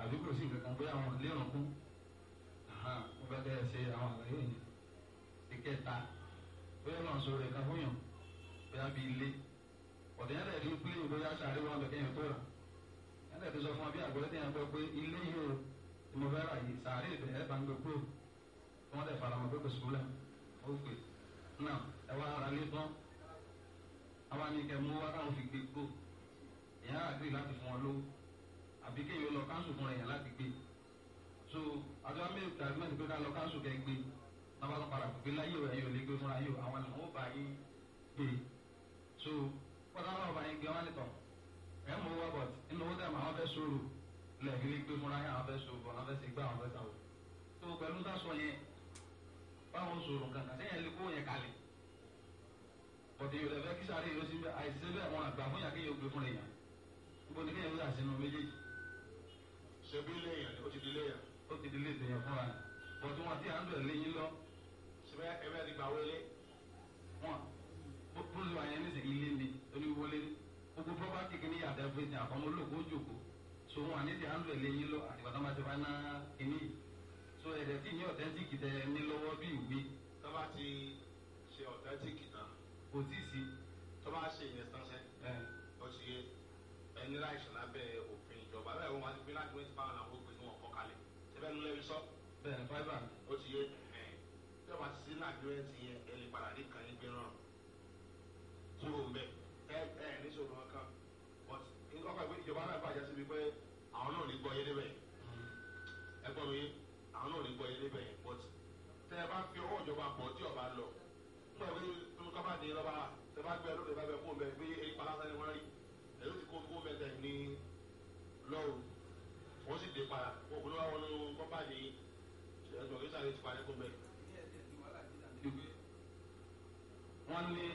àbí kò sí nǹkan kan bóyá àwọn ìlérò kú mo bá bẹ́ẹ̀ ṣe àwọn àlàyé yìí ìkẹta bóyá náà sọ rẹ̀ kan fóyàn bóyá bíi ilé ọ̀dẹ̀yàn lẹ̀ dín pílé bóyá sàárè wọn lọ kẹ́yìn tó rà yẹn lẹ̀ dín sọ fún wa bí àgbẹ̀rẹ̀ tẹ̀yàn gbọ́ pé ilé yìí tí mo fẹ́ rà yìí sàárè ìbẹ̀rẹ̀ bá ń gbẹ kúrò tí wọ́n lẹ̀ fara wọn pé kò ó gbé náà ẹ wá ara lé tán ni kẹ́ mú wá táwọn fi gbé kó àbí kéèyàn lọ káńsù fúnra yẹn láti gbé so àdúrà mẹ́rin tàbí mẹ́rin pé ká lọ káńsù kẹ́ gbé nàbà tó padà gbé láyé rẹ̀ yóò lé gbé fúnra yóò àwọn àlùmọ́ ó bá yín gbé so pátákó ọba yín gbé wọn nìkan ẹ̀ mú wá bọ̀t inú owó dàmú àwọn fẹ́ sòrò lẹ́yìn lé gbé fúnra yẹn àwọn fẹ́ sòrò àwọn fẹ́ sègbè àwọn fẹ́ sàwò so pẹ̀lú sásọ yẹn báwọn sòrò kankan sẹ́yìn lè kó yẹn kalẹ̀ pọ̀tẹ́ yóò lè fẹ́ kí sáré yóò sí àìsí bẹ́ẹ̀ wọn àgbà fún yàkéyò gbé fúnra yẹn gbogbo kéèyàn ló dà sínú méjèèjì ṣebí léèyàn ó ti di léèyàn ó ti di léèyàn fún wa bọ̀tú wọn tí à ń bẹ̀rẹ̀ léyìn lọ ṣẹbẹ́ ẹ̀rẹ́ ti gbà wọlé wọn bó lọ àyẹn ní sèyí lé ní oníwọlé gbogbo property kìíní yàtọ̀ everything àfọmọ́ olóògbé ó jòkó so wọn àní tí à ń bẹ̀rẹ̀ léyìn lọ àtìgbà tó máa ti fa ná kìíní yìí so ẹ̀rẹ̀ tí ní authentic tẹ ní lọ́wọ́ bí ìwé. tó ti ṣe authentic tán. kò tí sí. tó ṣe ìyẹn tán sẹ́. ọ ti yẹ ẹni láìsàn lábẹ́ òkú bàbá ìwọ máa ti pé láti wẹ́ẹ̀tì báwọn làwọn ògbé tí wọ́n kọ́ kalẹ̀ ṣẹbẹ́ ló lẹ́yìn sọ. bẹ́ẹ̀ fáìbà ó ti yé tí ọba ti sí láti wẹ́ẹ̀tì yẹn ẹ lè padà dé kàn nígbẹ́ rán kúrò mbẹ ẹ ẹ níṣòro kan but nǹkan kan ìjọba náà bàjẹ́ síbi pé àwọn náà ní gbọ́ yé débẹ̀ hmm. ẹ gbọ́ mi àwọn náà ní gbọ́ yé débẹ̀ but tẹ ẹ bá fi ọwọ́ ìjọba bọ̀ tí ọba lọ nígbà pé nǹkan bá dé lọ́ba tẹ bá gbẹ lóde bá bẹ fún bẹ gbé eyín ní lọ́wọ́ wọ́n sì dé padà wọ́n kò ní wá wọnú kọ́mpáàdì ẹ̀dùn ọ̀gẹ́sà rẹ̀ ti parẹ́ kó bẹ́ẹ̀. wọ́n ní.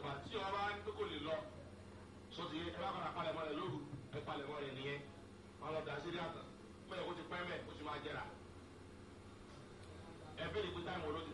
ìgbà tí wọn bá ní kókò lè lọ sọtì ẹ bá kọ́ra palẹ̀mọ́ rẹ lóru ẹ palẹ̀mọ́ rẹ nìyẹn wọn lọ da sí ìyàtọ̀ mẹ́rin kó ti pẹ́ mẹ́ kó ti máa jẹrà ẹ bẹ́ẹ̀ ni pé táwọn olóòtú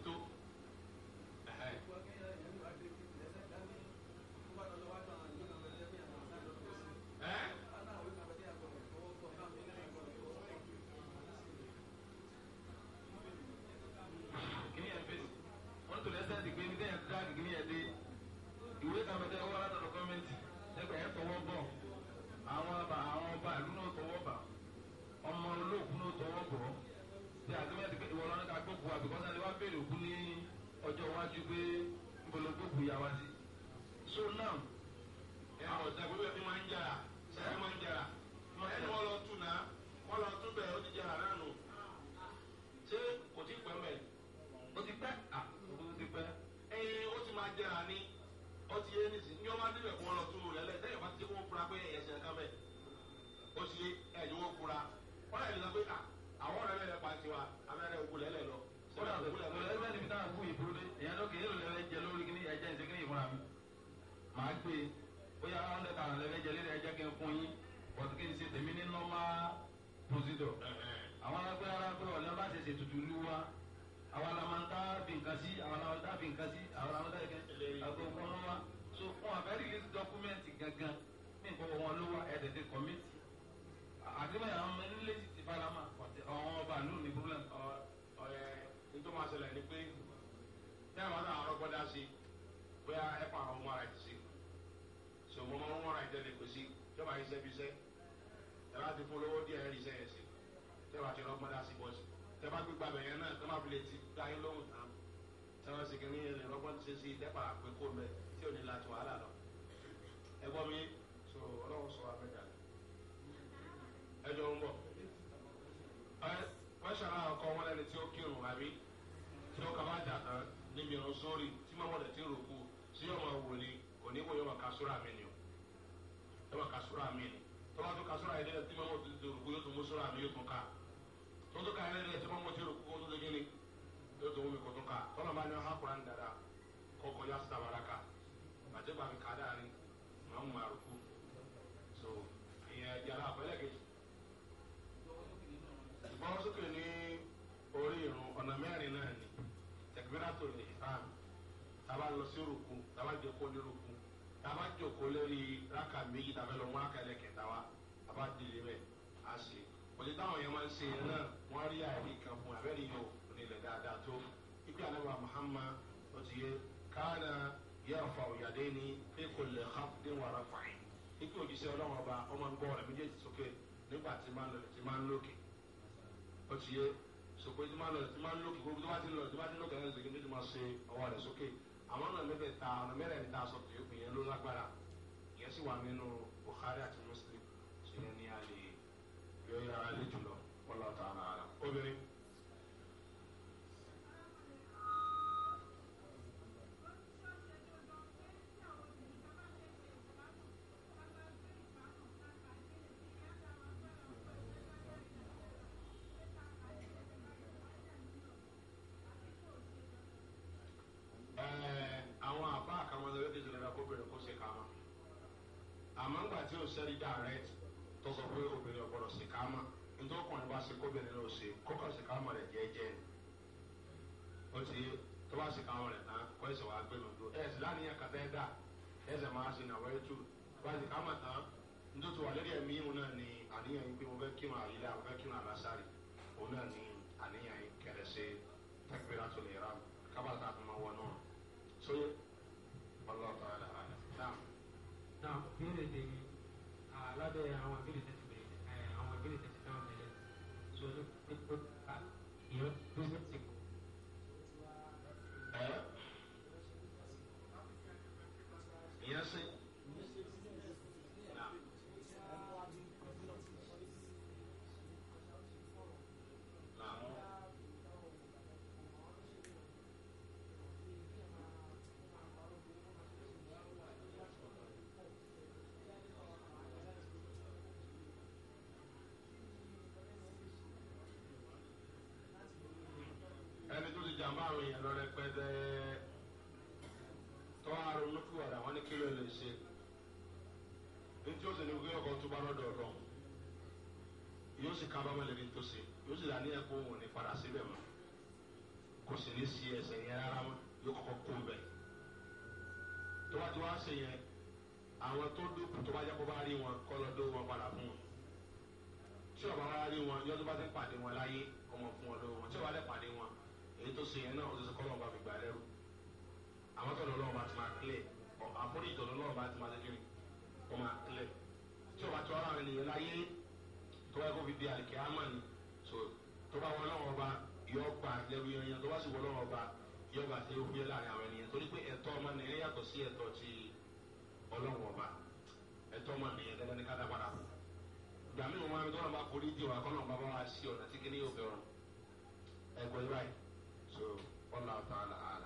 máa padà sí bọ́ọ̀sì tẹ bá gbégbá bẹ̀yẹn náà tẹ máa fi lè ti gba yín lóhùn tán tẹ wọn sì kìíní ẹni rọ́gbọ́n ti ṣe sí dẹ́pà pé kó mẹ tí ò ní la tó wàhálà lọ. ẹ gbọ́ mi sọ ọlọ́run sọ abẹ́dà ẹ jọ ń bọ̀ wọ́n ṣàrà ọkọ wọn lẹ́ni tí ó kírun àbí tí ó kàwá jà tán níbi ìrún sórí tí mọ́mọ́dé ti rò kú sí ọmọ wò ni kò ní wò yọmọ kasúrà mi ni yọmọ kasúrà mi ni tọ́wọ́ tó kasúrà yẹn dẹ́rẹ́ tí mọ́mọ́dé ti rò kú yóò tún mú súrà mi yóò tún ká tó tó kàn lẹ́nu ẹ̀sẹ̀ mọ́mọ́ tí o kó tó dégé ni tó tó wọ́n kó tó kà tọ́lọ̀ máa ní ọ̀hán kuran dada kọ́kọ́ yá sábàrà ká bàtẹ́ bá mi ká dáa ni màá mú àrùkù so ìyẹn yàrá àpẹẹrẹ kejì. ìgbọ́n sókè ní orí irun ọ̀nà mẹ́rin náà ni tẹ̀gbẹ́rẹ́tò ní ìfàm tàbá lọ sí rùkù tàbá jẹ́kọ́ ní rùkù tàbá jòkó lórí rákà méjì tàbá lọ mú rákà ẹlẹ́kẹ̀ẹ́ta wa tàbá dìlé bẹ́ẹ̀ á ṣe òtítọ́ àwọn yẹn máa ń ṣe náà wọ́n rí àìrí kan fún abẹ́rẹ́ yìí ò nílẹ̀ dáadáa tó ikú àlẹ́wà muhammad ó ti yé káàdà yẹ́rọ̀fà òyàdé ní ekòlè hapdéwàrà fàáyì ikú òjíṣẹ́ ọlọ́run ọba ọmọ ngbọ́ rẹ̀ méjèèjì sókè nígbà tí máa ń lọlẹ̀ tí máa ń lókè ó ti yé sọpé tí máa ń lọlẹ̀ tí máa ń lókè gbogbo tó bá ti lọlẹ̀ tó bá ti lókè lẹ́yìn sókè nítorí máa ṣe ọwọ́ rẹ̀ sókè àwọn ọ̀nà mẹ́tẹ̀ẹ̀ta ọ̀nà mẹ́rẹ̀ẹ̀rin tá a sọ pé ìyẹn ló lágbára ìyẹn sì wà nínú buhari àti muslim ṣe yẹn ní alẹ́ yọ̀ọ́yà alẹ́ jùlọ. Allah ta'ala alam obìnrin. àwọn àbá àkàmọ́dé ló dìde lọ́dọ̀ kóbìnrin kó ṣe kàmá àmọ́ ńgbà tí ò sẹ́rí dàrẹ́tì tó sọ pé obìnrin ọ̀gbọ́dọ̀ ṣe kàmá ntọ́kùnrin bá se kóbìnrin náà ṣe kókàn sí kámọ̀ rẹ̀ jẹ́jẹ́ ni ó ti tó bá sì kámọ̀ rẹ̀ tán kọ́ ẹ̀sẹ̀ wàá gbé lòdò ẹ̀ sì láníyàn kàtà ẹ̀dá ẹ̀sẹ̀ máa ṣe nàwọ́ ẹ̀tù bá sì kámọ̀ tán ntótó wà lórí ẹ̀mí ìhun náà ni àníyàn yín pé mo fẹ́ kírun àyílá mo fẹ́ kírun àlásàrì òun náà ni àníyàn yín kẹrẹ ṣe tẹ́kpẹ́rẹ́ àtúnlẹ̀ yẹra kábàtà àtúnmọ̀ wọ náà sóyè ọlọ́ọ̀tọ̀ àlàáfíà náà. náà bí àwọn èèyàn lọ rẹpẹtẹ tọ́ àrùn fúwàdà wọn ní kí ló lè ṣe ní tí sì ní wípé ọkọ̀ tó bá lọ́dọ̀ ọ̀dọ̀ yóò sì kábàámọ̀ lẹ́ni tó ṣe yóò sì dání ẹ̀kọ́ òun ní padà síbẹ̀ mọ́ kò sì ní sí ẹsẹ̀ yẹn rárá yóò kọ́kọ́ kó bẹ̀ tó bá ti wá ṣe yẹn àwọn tó dúkù tó bá jẹ́ kó bá rí wọn kọ́ lọ́dọ̀ wọn padà fún wọn tí ọba wa rí wọn yọ́n bá ti pàdé wọn láyé ọmọ fún wọn lọ́wọ́ tí ọba lẹ́ pàdé wọn èyí tó ṣe yẹn náà ó ti sọ kọ́ lọ́wọ́ bá fi gbà lẹ́rù àwọn tó lọ́wọ́ bá ti máa clear àforí ìtọ̀ lọ́wọ́ bá ti máa tẹ́jú kó máa clear tí o bá tọ́ ara ènìyàn láyé tó bá kó fi di àlìkè ámà ni so tó bá wọn lọ́wọ́ bá yọ gbà lẹ́rù yẹn tó bá sì wọ lọ́wọ́ bá yọ gbà sí òkú yẹn láàrin àwọn ènìyàn torí pé ẹ̀tọ́ ọmọ nìyẹn yàtọ̀ sí ẹ̀tọ́ ti ọlọ́wọ́ bá ẹ̀tọ́ ọmọ nìyẹn lẹ́gbẹ́ ní ká dá padà fún gbàmí òun máa ń tọ́lọ́ bá forí di wà kọ́nà bàbá wa sí ọ̀nà tí kíní yóò fẹ́ràn ẹ̀gbọ́n báyìí so Allah ta'ala àlà.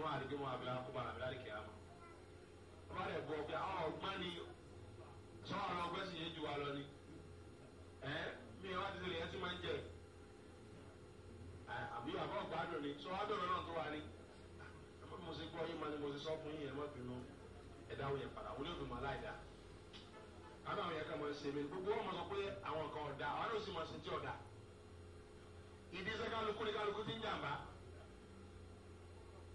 tí wọ́n á rí bí wọ́n abẹ́lá kó bàrà abẹ́lá ọba rẹ̀ gbọ́ pé ju ni mi ni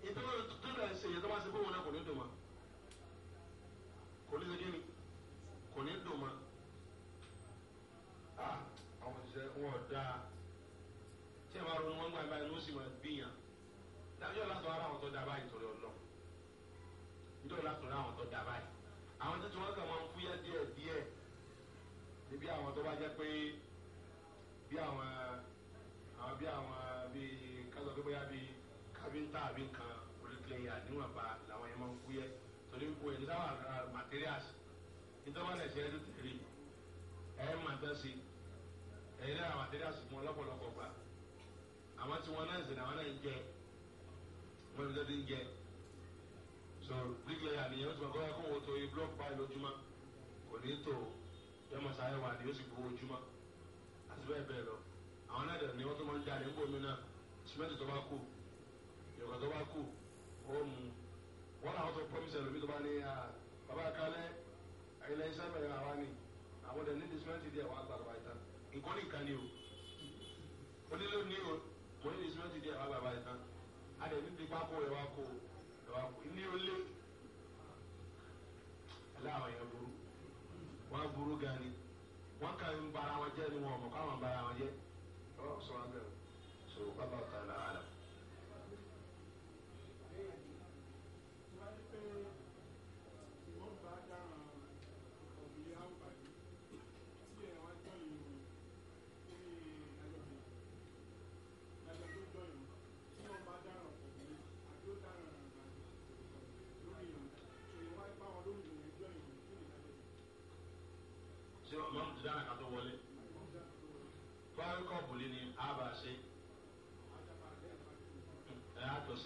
ìtọ́lọ́ tó dà ń ṣe yẹn tó bá ṣe fún wọn náà kò ní dùn ma kò ní ṣe kíni kò ní dùn ma a ah, àwọn ìṣẹ́ wọn ò dáa tí ẹ bá ronú wọn gbà báyìí ló sì máa gbìyàn dájọ́ látọ̀ ara àwọn tó dá báyìí torí ọlọ́ nítorí látọ̀ ara àwọn tó dá báyìí àwọn tó ti wọn kàn máa ń fúyẹ́ díẹ̀ díẹ̀ níbi àwọn tó bá jẹ́ pé bí àwọn bí àwọn bíi kásán pé bóyá bíi kábíńtà àbí nǹkan ìdí táwọn materials ìtọ́wọ́lẹ̀ ṣe ẹdún tèrè ẹ̀yìn máa tán sí ẹ̀yìn náà materials fún ọlọ́pọ̀lọpọ̀ gbà àwọn tí wọ́n náà ń sìn àwọn náà ń jẹ wọ́n ti tẹ́tí ń jẹ so bricklayer àníyàn ó ti mọ̀ kọ́ra kó wo to yí block báyìí lójúmọ́ kò ní tò yọmọ̀sá ẹwà ni ó sì gbowó ojúmọ́ àti bẹ́ẹ̀ bẹ́ẹ̀ lọ àwọn náà dẹ̀ ni wọ́n tó máa ń jáde ń gbòmí náà símẹ́ntì wọn làwọn tó promise ẹlòmíì tó bá ní bàbá kalẹ ẹyin lẹyìn sẹbẹ yẹn àwa ni àwọn dẹ ní disimẹnti díẹ wà gbàgbà yìí tán nǹkan ní nǹkan ni o onílò ní o mo ní disimẹnti díẹ wà gbàgbà yìí tán adẹ ní ti pákó ẹ wá kó ẹ wá kó ní o lé aláwọ yẹn burú wọn burú gan ni wọn kà ń bara wọn jẹ ni wọn mọ káwọn bara wọn jẹ ọ sọ wọn bẹ o sọ wọn bá bá ta la àlà.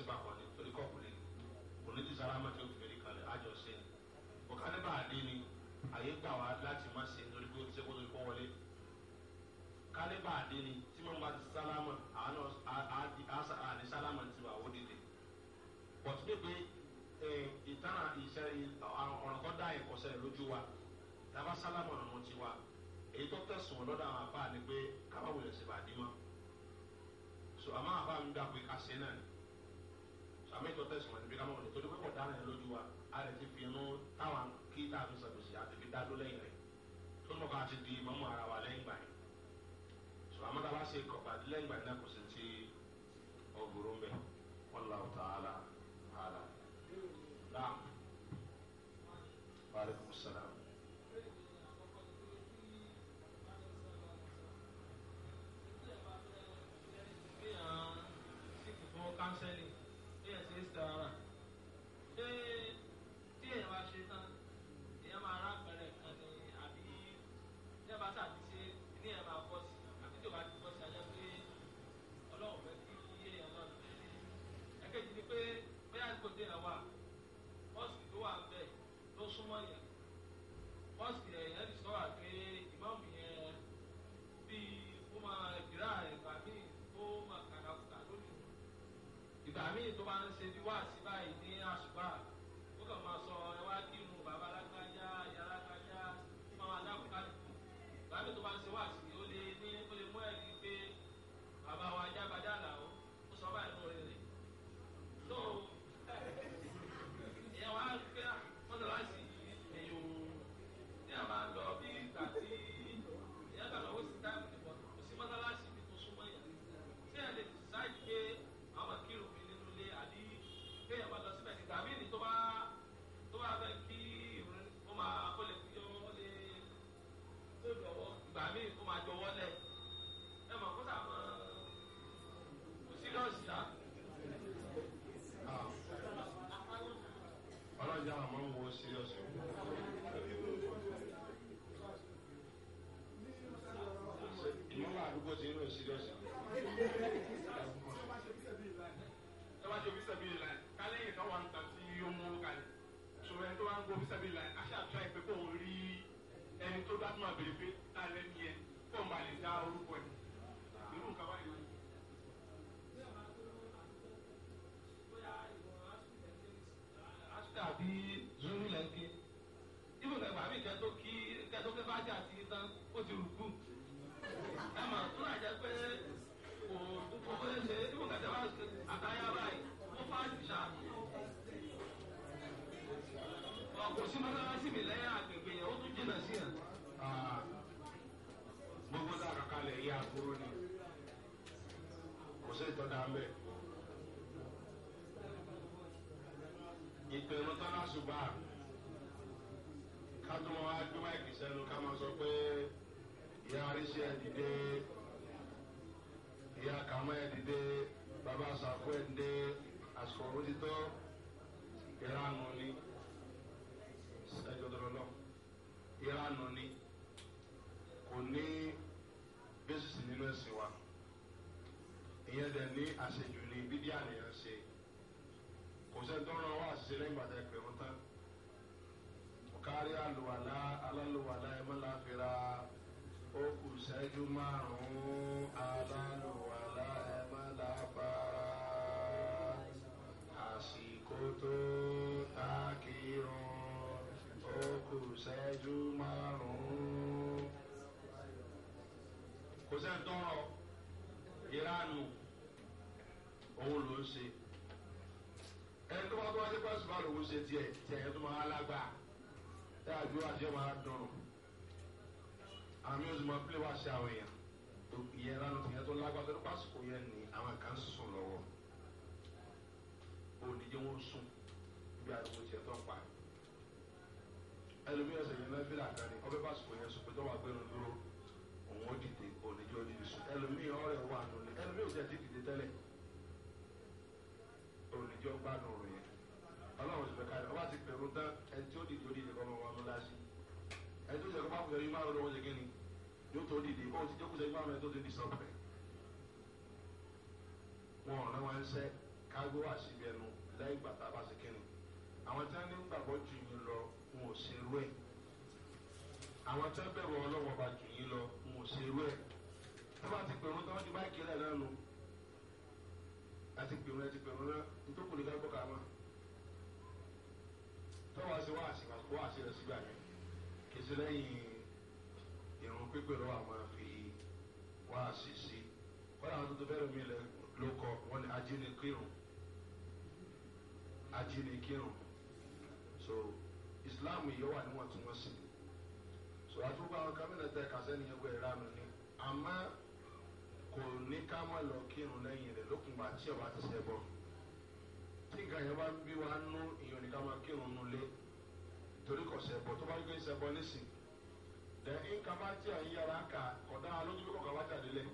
sí papọ̀ ni torí kọ́ kò lè kò ní ti sara ama tí o fèrè kalẹ̀ àjọ sí ni òkà ní bá a dín ni àyè gbà wá láti má se nítorí pé o ti sẹ́kọ̀ọ́ torí kọ́ wọlé ká ní bá a dín ni tí mo bá ti sálámà àánú àní sálámà ti wà ó dìde bọ̀tú pépé ìtara ìṣe ọ̀rọ̀ kọ́ dá ìkọsẹ̀ lójú wa tàbá sálámà ọ̀nà ti wa èyí tó tẹ̀sùn lọ́dọ̀ àwọn àbá ni pé kábàwò lè ṣe bàdí mọ́ so àmọ́ àbá mi gbà pé ká ṣe náà ni àmì tó tẹ̀sán wọn níbi ká mọ̀ lò torí pé kò dára yẹn lójú wa a rẹ̀ ti fi inú táwa kí tá a fi sàgbèsì àti fi dá lólẹ̀ yẹn tó mọ̀ ká ti di mọ́mọ́ ara wa lẹ́yìn gbà yẹn sọ àmọ́ bá ṣe kọ̀ọ̀bà lẹ́yìn gbà yẹn náà kò sí míì tó bá ń ṣe bí wáàsí báyìí ní àṣùbà ó kàn máa sọ ẹ wá kírun bàbá alágbájá ìyá alágbájá máa wá dákúkálùkù bàbá mi tó bá ń ṣe wáàsí algo serioso. Ìmọ̀ máa dúpọ̀ sí inú serioso. Tọ́wá ṣe òfíìsì bíi láì, kálẹ́yìn kan wà ń ta tí ó mú kalẹ̀. Ṣòro ẹni tó wá ń gbọ́ òfíìsì bíi láì, aṣáájú lẹ́nu. mbẹ ìpinnu tọ́lá ṣùgbọ́n kátó wọn á gbé máìkì sẹ́nu ká máa sọ pé ìyá arísí ẹ̀ dìde ìyá kàmọ́ ẹ̀ dìde bàbá sàkó ẹ̀ dìde àsìkò òtítọ́ ìranù ni ẹjọ́ dọ̀rọ̀ náà ìranù ni. ìyẹn dẹ̀ ní àṣejù ní bídí àníyàn ṣe kò sẹ́ni tó rán wá àṣìṣe lẹ́yìn ìgbà tẹ́ pé wọ́n tán kárí àlùwàlá alálùwàlá ẹ̀ mọ́lá fira ó kù sẹ́jú márùn-ún alálùwàlá ẹ̀ mọ́lá fara àsìkò tó tákìrún ó kù sẹ́jú márùn-ún kò sẹ́ni tó ìranù òun ló ń ṣe ẹni tó bá tó wá sí pásítọ̀ àlọ́ òun ṣe tiẹ̀ tiẹ̀ tó máa lágbà tá a dúró àti ẹ̀ máa dùn àmì oṣù máa pílẹ̀ wá sí àwọn èèyàn ìyẹn ìranù ìyẹn tó lágbà tó pásítọ̀ kò yẹn ní àwọn kan sùn lọ́wọ́ onídjẹ́ wọn sùn bí ariwo tiẹ̀ tó ń pa ẹlòmíràn ṣèyí náà bí làkàní ọbẹ̀ pásítọ̀ yẹn sùn pé tó wà gbẹ́nu dúró òun ó dìde oníjọ́ níbi sùn ẹlòmíì ọ̀rẹ́ wà nulẹ̀ ẹlòmíì ò jẹ́ ti dìde tẹ́lẹ̀ oníjọ́ gbádùn rẹ̀ ọlọ́run ti fẹ́ ká ọba ti pẹ̀rù tán ẹni tí ó dìde ó dìde kọ́mọ wọn lọ́la sí ẹni tó ṣe kọ́ bá kùsẹ̀ yìí máa lọ́wọ́ ṣe kíni yóò tó dìde ó ti jókòó sẹ́yìn máa lọ́wọ́ tó ti sọ̀pẹ̀ wọn ọ̀rẹ́ wọn ń sẹ́ kágbó wà síbi ẹnu lẹ́yìn gbàtà bá ṣe kíni àwọn tí wọ́n ní gbàgbọ́ jù yín lọ wọn ò ṣerú ẹ̀ àwọn tí wọ́n bẹ̀rù ọlọ́wọ́ bá jù yín lọ ṣe irú ẹ̀ tó bá ti pèrún tó wọ́n ti bá kílẹ̀ náà nù àti pèrún ẹ ti pèrún náà nítòkù ní kágbọ́ kàmá tó wá sí wáàsí wáàsí rẹ̀ sígbà yẹn kì í sí lẹ́yìn ìrún pípé lọ́wọ́ àwọn àfi wáàsí sí wọ́n àwọn tuntun fẹ́rẹ̀ mi lẹ̀ ló kọ wọ́n ní ajínigbérùn ajínigbérùn so islam yìí wà níwọ̀ntúnwọ̀nsì wàá tó bá àwọn kámẹ́rà tẹ kàṣẹ́ nìyẹn kó ẹ̀rá mi ni àmọ́ kò ní ká má lọ kírun lẹ́yìn rẹ̀ lókun bá tí ẹ̀ wá ti ṣẹ́ bọ̀ tí nǹkan yẹn bá ń bí wa nú ìyọ̀n ní ká má kírun nulẹ̀ torí kò ṣẹ́ bọ̀ tó bá gbé ṣẹ́ bọ̀ nísìn dẹ̀ nǹkan bá tí à ń yára kà kọ̀dá alójú bí kọ̀ọ̀kan bá jáde lẹ̀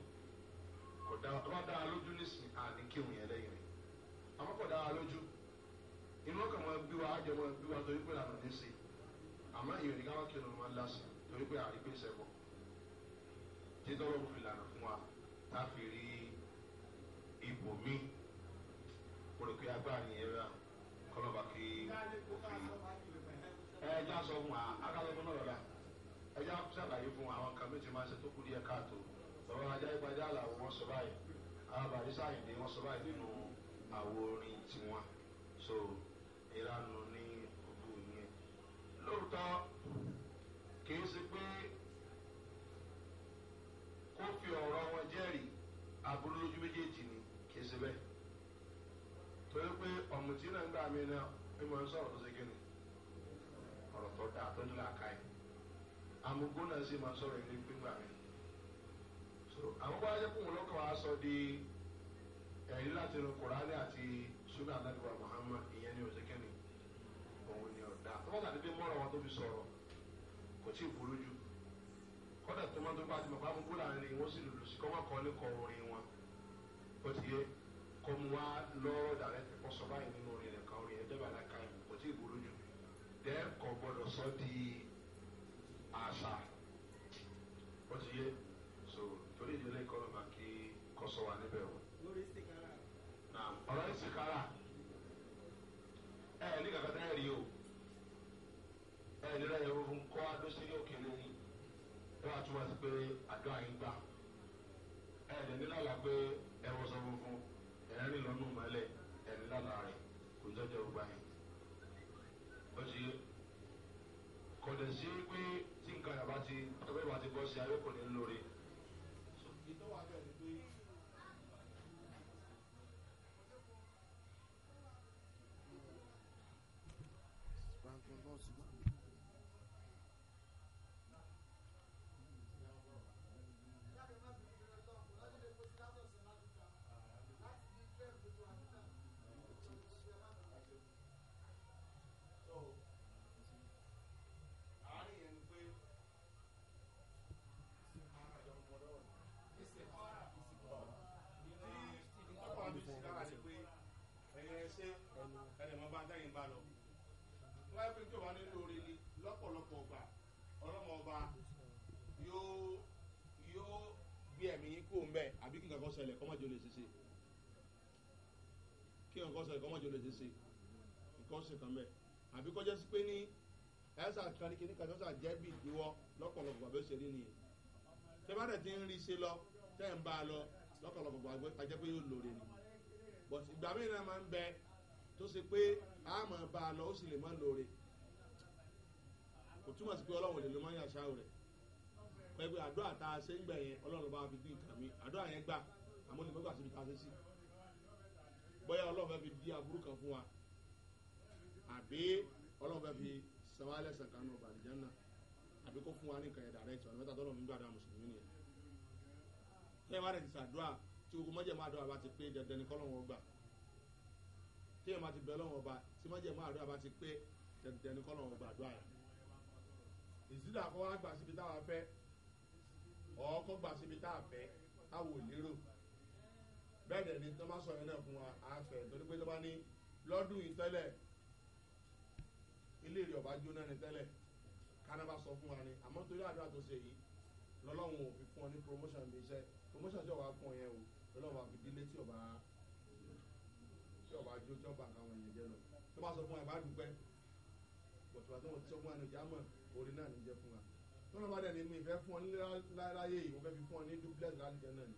kọ̀dá bá dá alójú nísìn àní kírun yẹn lẹ́yìn rẹ̀ àmọ́ kọ̀dá alójú inú ọkàn wọn bí wa á bí wa torí pé lànà ní torí pé àrí pèsè bọ̀ títọ́ lọ́wọ́ fi lànà fún wa tá a fi rí ibò míì mo rò pé agbára ni ẹ̀rọ kọlọ́ba kí òfin ẹ ẹja sọ fún wa akálọ́ fún náà lọ́la ẹja ṣàlàyé fún àwọn nǹkan méjì máa ń ṣe tó kú díẹ̀ káàtó lọ́wọ́ ajá ìgbàjá àlàwọ̀ wọn sọ báyìí alábàárí sáyẹ̀dé wọn sọ báyìí nínú àwo orin tiwọn so ìlànà ní òkú yẹn lóòótọ́ kìí ṣe pé kó fi ọ̀rọ̀ wọn jẹ́rìí aburú lójú méjèèjì ni kìí ṣe bẹ́ẹ̀ torí pé ọ̀mùtí náà ń gbà mí náà bí mo ń sọ̀rọ̀ tó ṣe kíni ọ̀rọ̀ tó dáa tó nílò àká yìí amugó náà sì máa sọ̀rọ̀ ìlú gbígbà mí so àwọn bá yẹ kóun lọ́kàn wá sọ di ẹ̀rí láti inú kùránì àti sunnah alágbèbá muhammad ìyẹn ni òṣèkẹ́ni òun ni ọ̀dà tó bá tàbí bí mọ́ra wọn tó fi sọ̀rọ̀ kò tí ì burú jù kọ́dà tó máa tó bá ti mọ̀ pé amúgbó láàrin wọn sì lùlù sí kọ́mọ́ kan ní kọ orin wọn ó ti yẹ kọ́ mu wá lọ́ọ́ dàrẹ́ pípọ́ sọ báyìí nínú orin rẹ̀ kan orin ẹ̀dẹ́gbà láka yìí kò tí ì burú jù dẹ́ kọ́ gbọ́dọ̀ sọ di àṣà ó ti yẹ so torí ìdílé kọ́ ló kí kọ́sọ̀ wà níb túmọ̀ sí pé àdúrà yín gbà ẹ̀ ẹ̀ ní lálàá pé ẹ wọ sọ funfun ẹ̀ ń rìn lọ́nù mọ́lẹ̀ ẹ̀ ní lálàá rẹ̀ ti kọ̀dẹ̀ sọ ìkọ́mọ̀ jò lè ṣe ṣe ṣe kàn mẹ́ àbí kọjá sí pé ní ẹ̀sà kan kìíní sà jẹ́ bí ìdíwọ́ lọ́pọ̀lọpọ̀ bàbá ó nìyẹn bá ti ń rí ṣe lọ tẹ́ ń bá a lọ pé yóò ni but ìgbà mìíràn máa ń bẹ tó ṣe pé a máa bá a lọ ó sì lè má lòrè kò túmọ̀ sí pé ọlọ́run ló máa ń pẹ̀lú bóyá ọlọ́run fẹ́ fi di aburú kan fún wa àbí ọlọ́run fẹ́ fi san wá lẹ́sàn kan náà bàlìjẹ́ náà àbí kó fún wa ní nǹkan yẹn direct ọ̀nà mẹ́ta tọ́lọ̀ nígbà dáa mùsùlùmí nìyẹn tẹ́yìn bá rẹ̀ ti sàdúrà tí gbogbo mọ́jẹ̀mọ́ àdúrà bá ti pé dandan ní kọ́lọ́run ọgbà tẹ́yìn bá ti bẹ̀ lọ́wọ́ ọba tí mọ́jẹ̀mọ́ àdúrà bá ti pé dandan ní kọ́lọ́run ọgbà àdúrà yẹn ìsídà kọ́ wá gbà síbi táwa fẹ́ ọ̀ọ́kọ́ gbà síbi táà fẹ́ táwọn ò lérò bẹ́ẹ̀ dẹ̀ ni tó bá sọ yẹn náà fún wa á fẹ́ torí pé tó bá ní lọ́dún yìí tẹ́lẹ̀ ilé rẹ̀ ọba jóná ni tẹ́lẹ̀ kánábà sọ fún wa ni àmọ́ torí àdúrà tó ṣe yìí lọ́lọ́run ò fi fún ọ ní promotion bí iṣẹ́ promotion tí ọba fún ọ yẹn o lọ́lọ́run àfi dílé tí ọba tí ọba jó tí ọba àkàwọn èèyàn jẹ lọ tó bá sọ fún wa ìbá dùpẹ́ bọ̀tùbà tó wọ́n ti sọ fún wa ní ìjàmọ̀ orí náà ní jẹ́ fún ni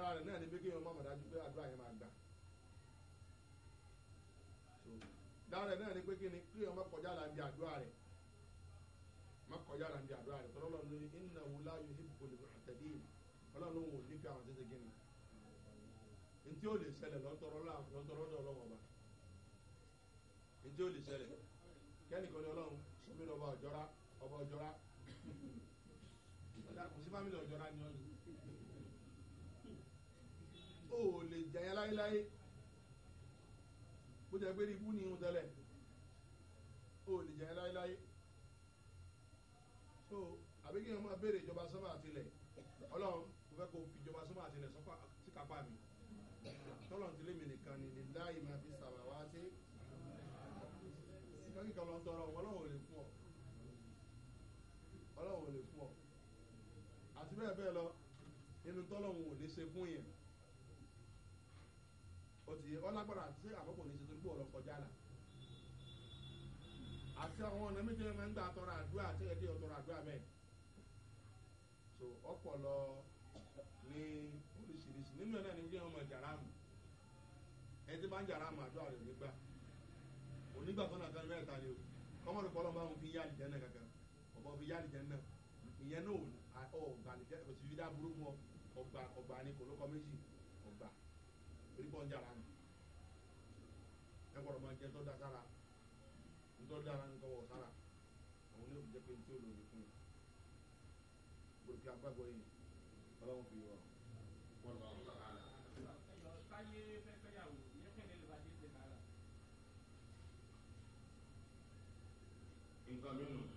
lára rẹ̀ náà ni pé kéèyàn má mọ̀ dájú pé àdúrà yẹn máa gbà lára rẹ̀ náà ni pé kíni kéèyàn má kọjá là ń bi àdúrà rẹ̀ má kọjá là ń bi àdúrà rẹ̀ tọ́lọ́ lọ́nà ní iná wo láàyò ìbùkún lè fún àtẹ̀dé ìlú ọlọ́run ló ń wò ní pé àwọn tẹ́tẹ́ kíni ntí ó lè ṣẹlẹ̀ lọ́tọ̀rọ̀ lọ́tọ̀rọ̀ lọ́wọ́ ọba ntí ó lè ṣẹlẹ̀ kẹ́nìkan ni ọlọ́run sọmi lọ́ba ọ̀jọ́ra ọba ọ̀jọ́ra kò sí fámìlì ọ̀jọ́ra ni ọ̀jọ́ ìjà yẹn láyéláyé bó jẹ́ pé ibú ni irun tẹ́lẹ̀ ó lè jẹ́ láyéláyé so àbí kí wọ́n máa béèrè ìjọba sọ́mà àtìlẹ̀ ọlọ́run mo fẹ́ kó fi ìjọba sọ́mà àtìlẹ̀ sọ́kà sí kápá mi tọ́lọ̀n tí lémi nìkan ni lè láì máa fi sàmà wá tí lọ́kì kan lọ tọrọ ọlọ́run ò lè fún ọ ọlọ́run ò lè fún ọ àti bẹ́ẹ̀ bẹ́ẹ̀ lọ nínú tọ́lọ̀run ò lè ṣe fún yẹn ọlágbára àti àbọ̀kùn ní ṣètò gbòòrò kọjá là àti àwọn ọ̀nà méjì máa ń gbà tọrọ àdúrà àti ẹ̀dẹ́ ọ̀tọrọ àdúrà bẹ́ẹ̀ so ọpọlọ ní oríṣiríṣi nínú ẹ̀ náà ní wíwọ́n máa jàrámù ẹ ti máa ń jàrámù àdúrà rẹ̀ nígbà onígbà tó náà bẹ́ẹ̀ ta ni o kọ́mọ̀rì kọ́lọ́ máa ń fi yá àlìjẹ́ náà kankan ọ̀bọ fi yá àlìjẹ́ náà ìyẹn náà ọ̀gbà àlìjẹ́ òsì fi dá burúkú ọgbà ọgbà ni kòlókọ méjì ọgbà orí bọ́ọ̀ ń jàrámù gbọ́dọ̀ máa jẹ tó da sára tó dára ní tọwọ́ sára àwọn oníwèé jẹ́ pé tí ó lòdì fún yìí gbọ́dọ̀ fi agbábọ̀ yìí ọlọ́run fi wọ̀ nǹkan mìíràn.